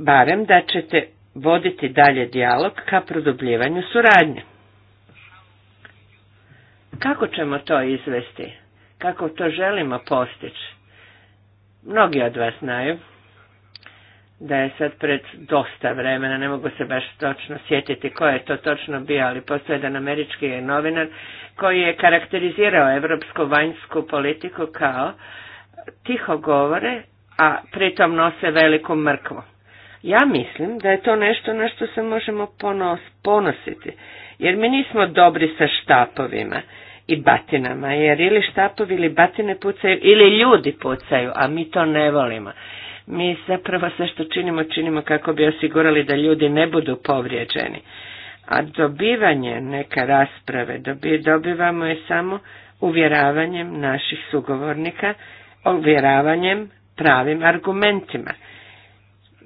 Barem da ćete voditi dalje dijalog ka produbljivanju suradnje. Kako ćemo to izvesti? Kako to želimo postići? Mnogi od vas znaju da je sad pred dosta vremena, ne mogu se baš točno sjetiti ko je to točno bio, ali postoje jedan američki novinar koji je karakterizirao evropsku vanjsku politiku kao tiho govore, a pritom nose veliku mrkvu. Ja mislim da je to nešto na što se možemo ponos, ponositi, jer mi nismo dobri sa štapovima i batinama, jer ili štapovi ili batine pucaju, ili ljudi pucaju, a mi to ne volimo mi zapravo sve što činimo, činimo kako bi osigurali da ljudi ne budu povrijeđeni. A dobivanje neka rasprave dobivamo je samo uvjeravanjem naših sugovornika, uvjeravanjem pravim argumentima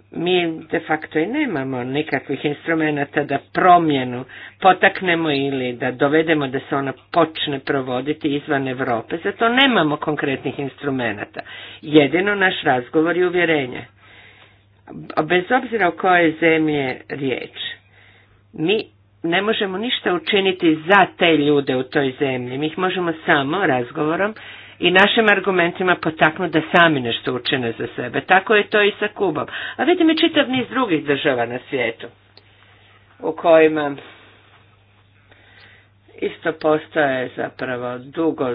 mi de facto i nemamo nikakvih instrumenata da promjenu potaknemo ili da dovedemo da se ona počne provoditi izvan Europe. Zato nemamo konkretnih instrumenata. Jedino naš razgovor i uvjerenje. Bez obzira o kojoj zemlje riječ, mi ne možemo ništa učiniti za te ljude u toj zemlji. Mi ih možemo samo razgovorom i našim argumentima potaknu da sami nešto učine za sebe. Tako je to i sa Kubom. A vidim i čitav niz drugih država na svijetu u kojima isto postoje zapravo dugo,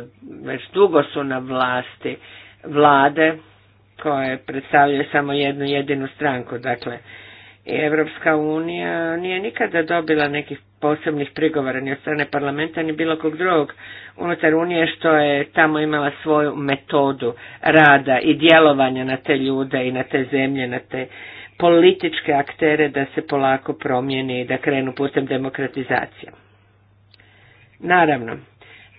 već dugo su na vlasti vlade koje predstavljaju samo jednu jedinu stranku. Dakle, i Evropska unija nije nikada dobila nekih posebnih prigovora ni od strane parlamenta ni bilo kog drugog unutar Unije što je tamo imala svoju metodu rada i djelovanja na te ljude i na te zemlje, na te političke aktere da se polako promijeni i da krenu putem demokratizacije. Naravno,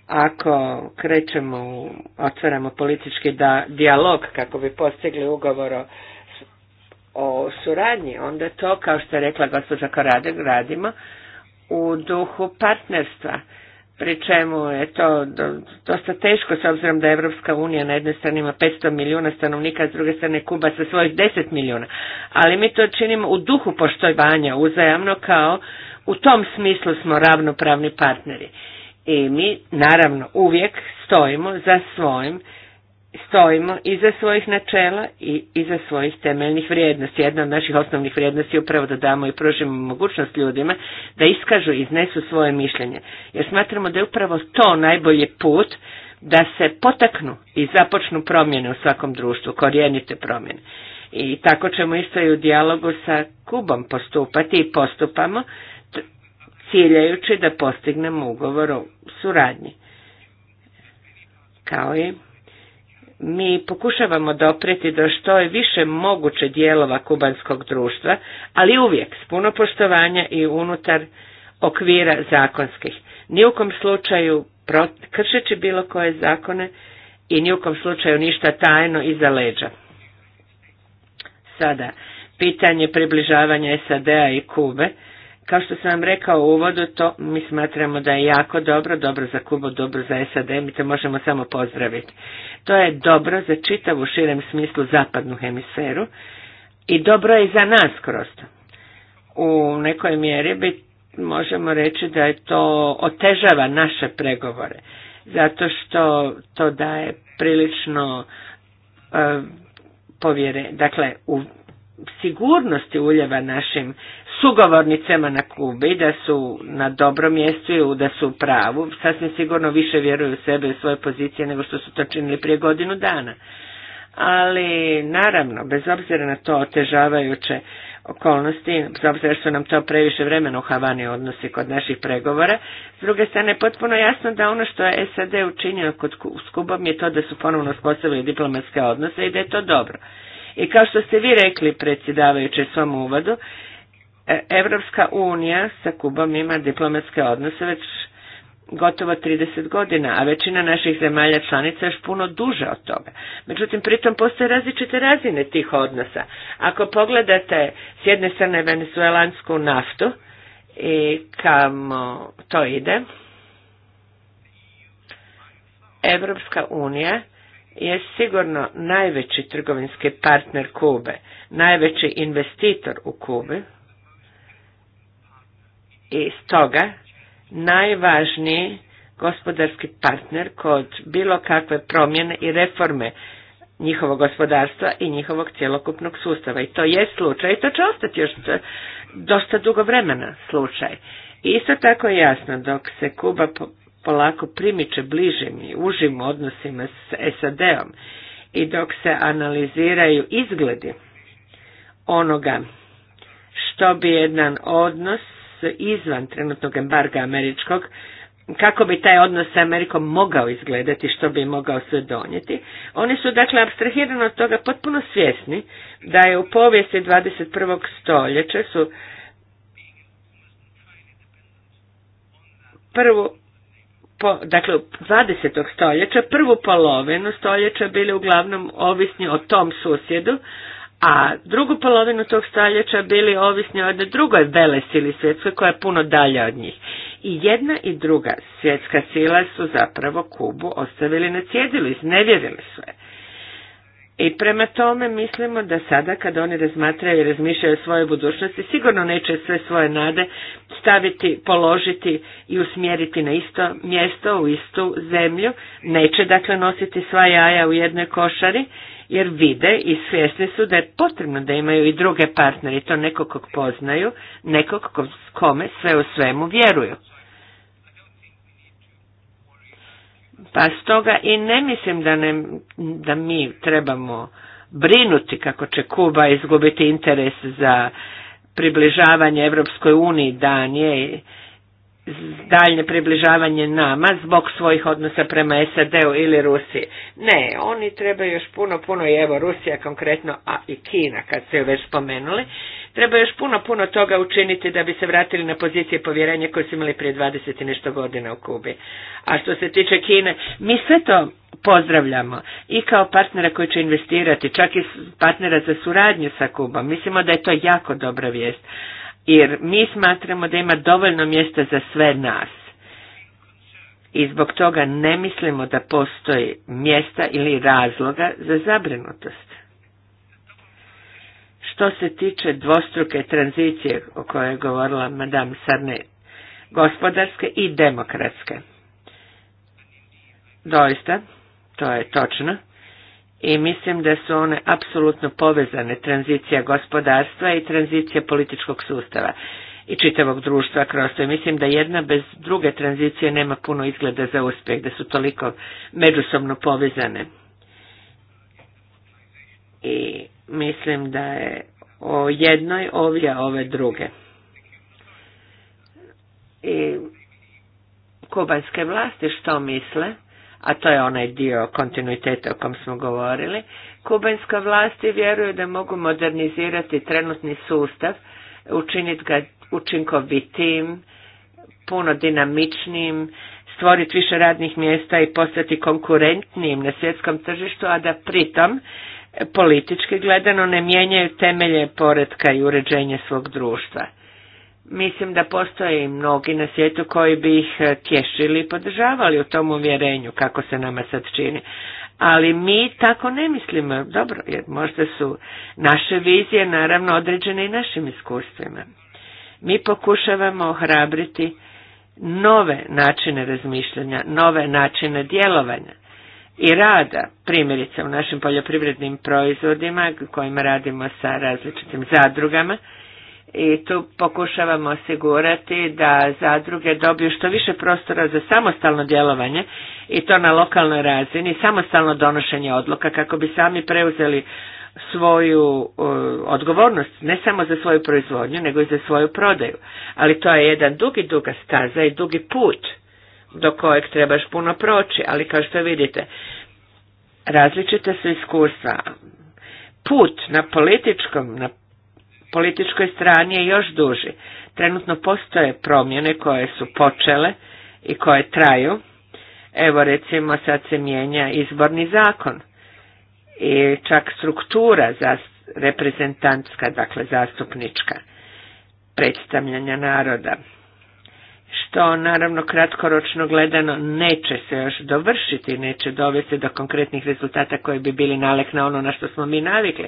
ako krećemo, otvaramo politički da, dijalog kako bi postigli ugovor o, suradnji, onda to, kao što je rekla gospođa Koradek, radimo u duhu partnerstva, pri čemu je to dosta teško s obzirom da Evropska unija na jednoj strani ima 500 milijuna stanovnika, a s druge strane Kuba sa svojih 10 milijuna. Ali mi to činimo u duhu poštovanja uzajamno kao u tom smislu smo ravnopravni partneri. I mi naravno uvijek stojimo za svojim stojimo iza svojih načela i iza svojih temeljnih vrijednosti. Jedna od naših osnovnih vrijednosti je upravo da damo i pružimo mogućnost ljudima da iskažu i iznesu svoje mišljenje. Jer smatramo da je upravo to najbolji put da se potaknu i započnu promjene u svakom društvu, korijenite promjene. I tako ćemo isto i u dijalogu sa Kubom postupati i postupamo ciljajući da postignemo ugovor o suradnji. Kao i mi pokušavamo dopreti do što je više moguće dijelova kubanskog društva, ali uvijek s puno poštovanja i unutar okvira zakonskih. Ni u kom slučaju kršeći bilo koje zakone i ni u kom slučaju ništa tajno iza leđa. Sada, pitanje približavanja SAD-a i Kube. Kao što sam vam rekao u uvodu, to mi smatramo da je jako dobro, dobro za Kubu, dobro za SAD, mi to možemo samo pozdraviti. To je dobro za u širem smislu zapadnu hemisferu i dobro je i za nas kroz to. U nekoj mjeri bi možemo reći da je to otežava naše pregovore, zato što to daje prilično eh, povjere, dakle u sigurnosti uljeva našim sugovornicama na Kubi da su na dobrom mjestu i da su u pravu. Sasvim sigurno više vjeruju u sebe i svoje pozicije nego što su to činili prije godinu dana. Ali naravno, bez obzira na to otežavajuće okolnosti, bez obzira što nam to previše vremena u Havani odnosi kod naših pregovora. S druge strane, je potpuno jasno da ono što je SAD učinio kod, s Kubom je to da su ponovno uspostavili diplomatske odnose i da je to dobro. I kao što ste vi rekli, predsjedavajući svom uvodu, E, Evropska unija sa Kubom ima diplomatske odnose već gotovo 30 godina, a većina naših zemalja članica još puno duže od toga. Međutim, pritom postoje različite razine tih odnosa. Ako pogledate s jedne strane venezuelansku naftu i kamo to ide, Evropska unija je sigurno najveći trgovinski partner Kube, najveći investitor u Kubi, i stoga najvažniji gospodarski partner kod bilo kakve promjene i reforme njihovog gospodarstva i njihovog cjelokupnog sustava. I to je slučaj i to će ostati još dosta dugo vremena slučaj. I isto tako je jasno dok se Kuba polako primiče bližim i užim odnosima s SAD-om i dok se analiziraju izgledi onoga što bi jedan odnos izvan trenutnog embarga američkog, kako bi taj odnos sa Amerikom mogao izgledati, što bi mogao sve donijeti. Oni su dakle abstrahirani od toga potpuno svjesni da je u povijesti 21. stoljeća su prvu po, dakle 20. stoljeća, prvu polovinu stoljeća bili uglavnom ovisni o tom susjedu, a drugu polovinu tog stoljeća bili ovisni od drugoj sili svjetskoj koja je puno dalje od njih. I jedna i druga svjetska sila su zapravo Kubu ostavili na cjedilu, iznevjerili su je. I prema tome mislimo da sada kad oni razmatraju i razmišljaju o svojoj budućnosti, sigurno neće sve svoje nade staviti, položiti i usmjeriti na isto mjesto, u istu zemlju, neće dakle nositi sva jaja u jednoj košari, jer vide i svjesni su da je potrebno da imaju i druge partnere, to nekog kog poznaju, nekog kome sve u svemu vjeruju. Pa stoga i ne mislim da, ne, da mi trebamo brinuti kako će Kuba izgubiti interes za približavanje Evropskoj uniji Danije i daljnje približavanje nama zbog svojih odnosa prema SAD-u ili Rusiji. Ne, oni trebaju još puno, puno, i evo Rusija konkretno, a i Kina kad ste ju već spomenuli, treba još puno, puno toga učiniti da bi se vratili na pozicije povjerenja koje su imali prije 20 i nešto godina u Kubi. A što se tiče Kine, mi sve to pozdravljamo i kao partnera koji će investirati, čak i partnera za suradnju sa Kubom. Mislimo da je to jako dobra vijest jer mi smatramo da ima dovoljno mjesta za sve nas. I zbog toga ne mislimo da postoji mjesta ili razloga za zabrinutost. Što se tiče dvostruke tranzicije o kojoj je govorila Madame Sarne, gospodarske i demokratske. Doista, to je točno i mislim da su one apsolutno povezane, tranzicija gospodarstva i tranzicija političkog sustava i čitavog društva kroz to. I mislim da jedna bez druge tranzicije nema puno izgleda za uspjeh, da su toliko međusobno povezane. I mislim da je o jednoj ovdje ove druge. I kubanske vlasti što misle? a to je onaj dio kontinuiteta o kom smo govorili, kubanska vlasti vjeruju da mogu modernizirati trenutni sustav, učiniti ga učinkovitim, puno dinamičnim, stvoriti više radnih mjesta i postati konkurentnim na svjetskom tržištu, a da pritom politički gledano ne mijenjaju temelje poretka i uređenje svog društva. Mislim da postoje mnogi na svijetu koji bi ih eh, tješili i podržavali u tom uvjerenju kako se nama sad čini. Ali mi tako ne mislimo, dobro, jer možda su naše vizije naravno određene i našim iskustvima. Mi pokušavamo ohrabriti nove načine razmišljanja, nove načine djelovanja i rada, primjerice u našim poljoprivrednim proizvodima kojima radimo sa različitim zadrugama, i tu pokušavamo osigurati da zadruge dobiju što više prostora za samostalno djelovanje i to na lokalnoj razini, samostalno donošenje odluka kako bi sami preuzeli svoju e, odgovornost, ne samo za svoju proizvodnju, nego i za svoju prodaju. Ali to je jedan dugi, duga staza i dugi put do kojeg trebaš puno proći, ali kao što vidite, različite su iskustva. Put na političkom, na političkoj strani je još duži. Trenutno postoje promjene koje su počele i koje traju. Evo recimo sad se mijenja izborni zakon i čak struktura za reprezentantska, dakle zastupnička predstavljanja naroda. Što naravno kratkoročno gledano neće se još dovršiti, neće dovesti do konkretnih rezultata koji bi bili nalek na ono na što smo mi navikli.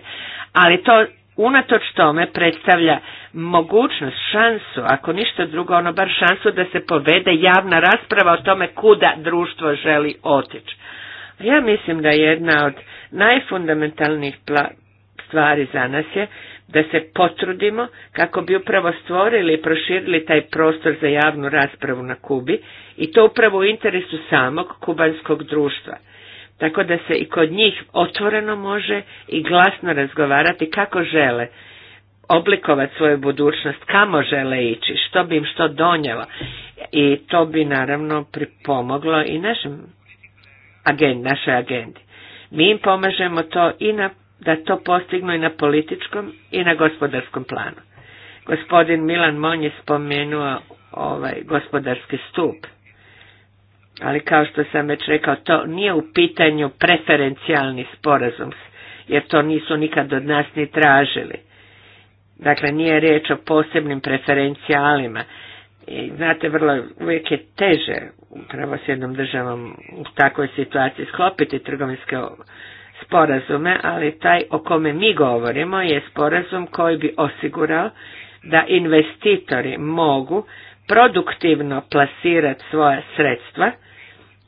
Ali to unatoč tome predstavlja mogućnost, šansu, ako ništa drugo, ono bar šansu da se povede javna rasprava o tome kuda društvo želi otići. Ja mislim da jedna od najfundamentalnijih stvari za nas je da se potrudimo kako bi upravo stvorili i proširili taj prostor za javnu raspravu na Kubi i to upravo u interesu samog kubanskog društva. Tako da se i kod njih otvoreno može i glasno razgovarati kako žele oblikovati svoju budućnost, kamo žele ići, što bi im što donijelo. I to bi naravno pripomoglo i našem našoj agendi. Mi im pomažemo to i na, da to postignu i na političkom i na gospodarskom planu. Gospodin Milan Monje spomenuo ovaj gospodarski stup ali kao što sam već rekao, to nije u pitanju preferencijalni sporazum, jer to nisu nikad od nas ni tražili. Dakle, nije riječ o posebnim preferencijalima. I znate, vrlo uvijek je teže upravo s jednom državom u takvoj situaciji sklopiti trgovinske sporazume, ali taj o kome mi govorimo je sporazum koji bi osigurao da investitori mogu produktivno plasirati svoja sredstva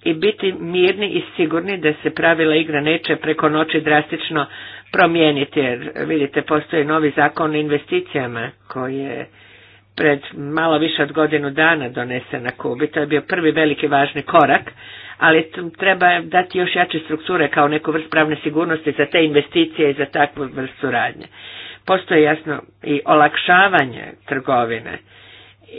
i biti mirni i sigurni da se pravila igre neće preko noći drastično promijeniti jer vidite postoji novi zakon o investicijama koji je pred malo više od godinu dana donesen na Kubi. To je bio prvi veliki važni korak, ali treba dati još jače strukture kao neku vrst pravne sigurnosti za te investicije i za takvu vrstu suradnje. Postoje jasno i olakšavanje trgovine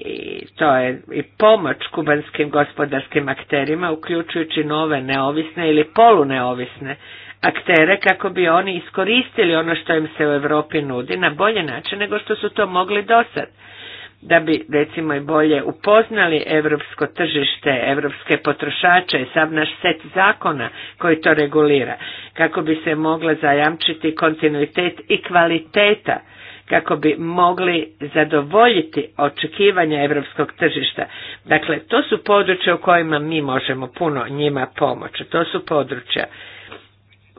i to je i pomoć kubanskim gospodarskim akterima, uključujući nove neovisne ili poluneovisne aktere kako bi oni iskoristili ono što im se u Europi nudi na bolje način nego što su to mogli dosad. Da bi recimo i bolje upoznali europsko tržište, europske potrošače i sav naš set zakona koji to regulira, kako bi se mogla zajamčiti kontinuitet i kvaliteta kako bi mogli zadovoljiti očekivanja europskog tržišta. Dakle, to su područja u kojima mi možemo puno njima pomoći. To su područja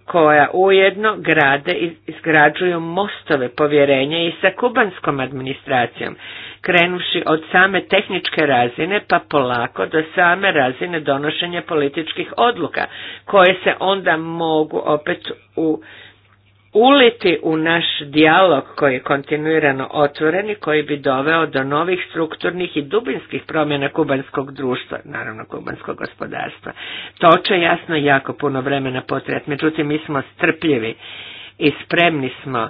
koja ujedno grade i izgrađuju mostove povjerenja i sa kubanskom administracijom, krenuši od same tehničke razine pa polako do same razine donošenja političkih odluka, koje se onda mogu opet u uliti u naš dijalog koji je kontinuirano otvoren i koji bi doveo do novih strukturnih i dubinskih promjena kubanskog društva, naravno kubanskog gospodarstva. To će jasno jako puno vremena potrebati, međutim mi smo strpljivi i spremni smo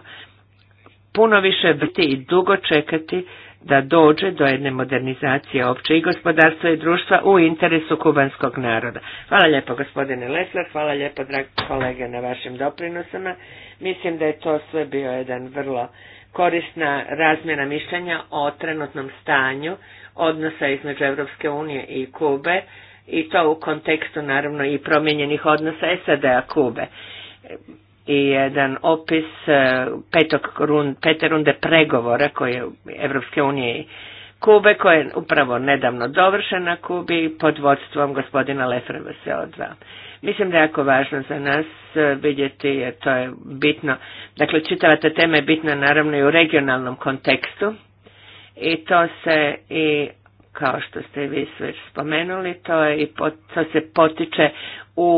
puno više biti i dugo čekati da dođe do jedne modernizacije opće i gospodarstva i društva u interesu kubanskog naroda. Hvala lijepo gospodine Lesler, hvala lijepo dragi kolege na vašim doprinosima. Mislim da je to sve bio jedan vrlo korisna razmjena mišljenja o trenutnom stanju odnosa između Europske unije i Kube i to u kontekstu naravno i promijenjenih odnosa SAD-a Kube i jedan opis e, petog pete runde pregovora koje je Evropske unije i Kube, koja je upravo nedavno dovršena Kubi pod vodstvom gospodina Lefreva se odvao. Mislim da je jako važno za nas e, vidjeti, jer to je bitno. Dakle, čitava ta tema je bitna naravno i u regionalnom kontekstu i to se i kao što ste vi sve spomenuli, to, je i to se potiče u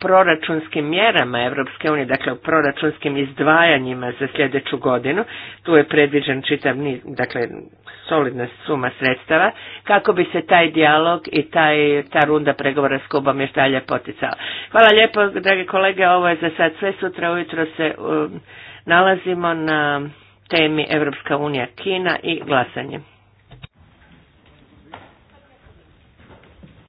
proračunskim mjerama Europske unije, dakle u proračunskim izdvajanjima za sljedeću godinu. Tu je predviđen čitav niz, dakle solidna suma sredstava, kako bi se taj dijalog i taj, ta runda pregovora s Kubom još dalje poticala. Hvala lijepo, dragi kolege, ovo je za sad sve. Sutra ujutro se um, nalazimo na temi Europska unija Kina i glasanje.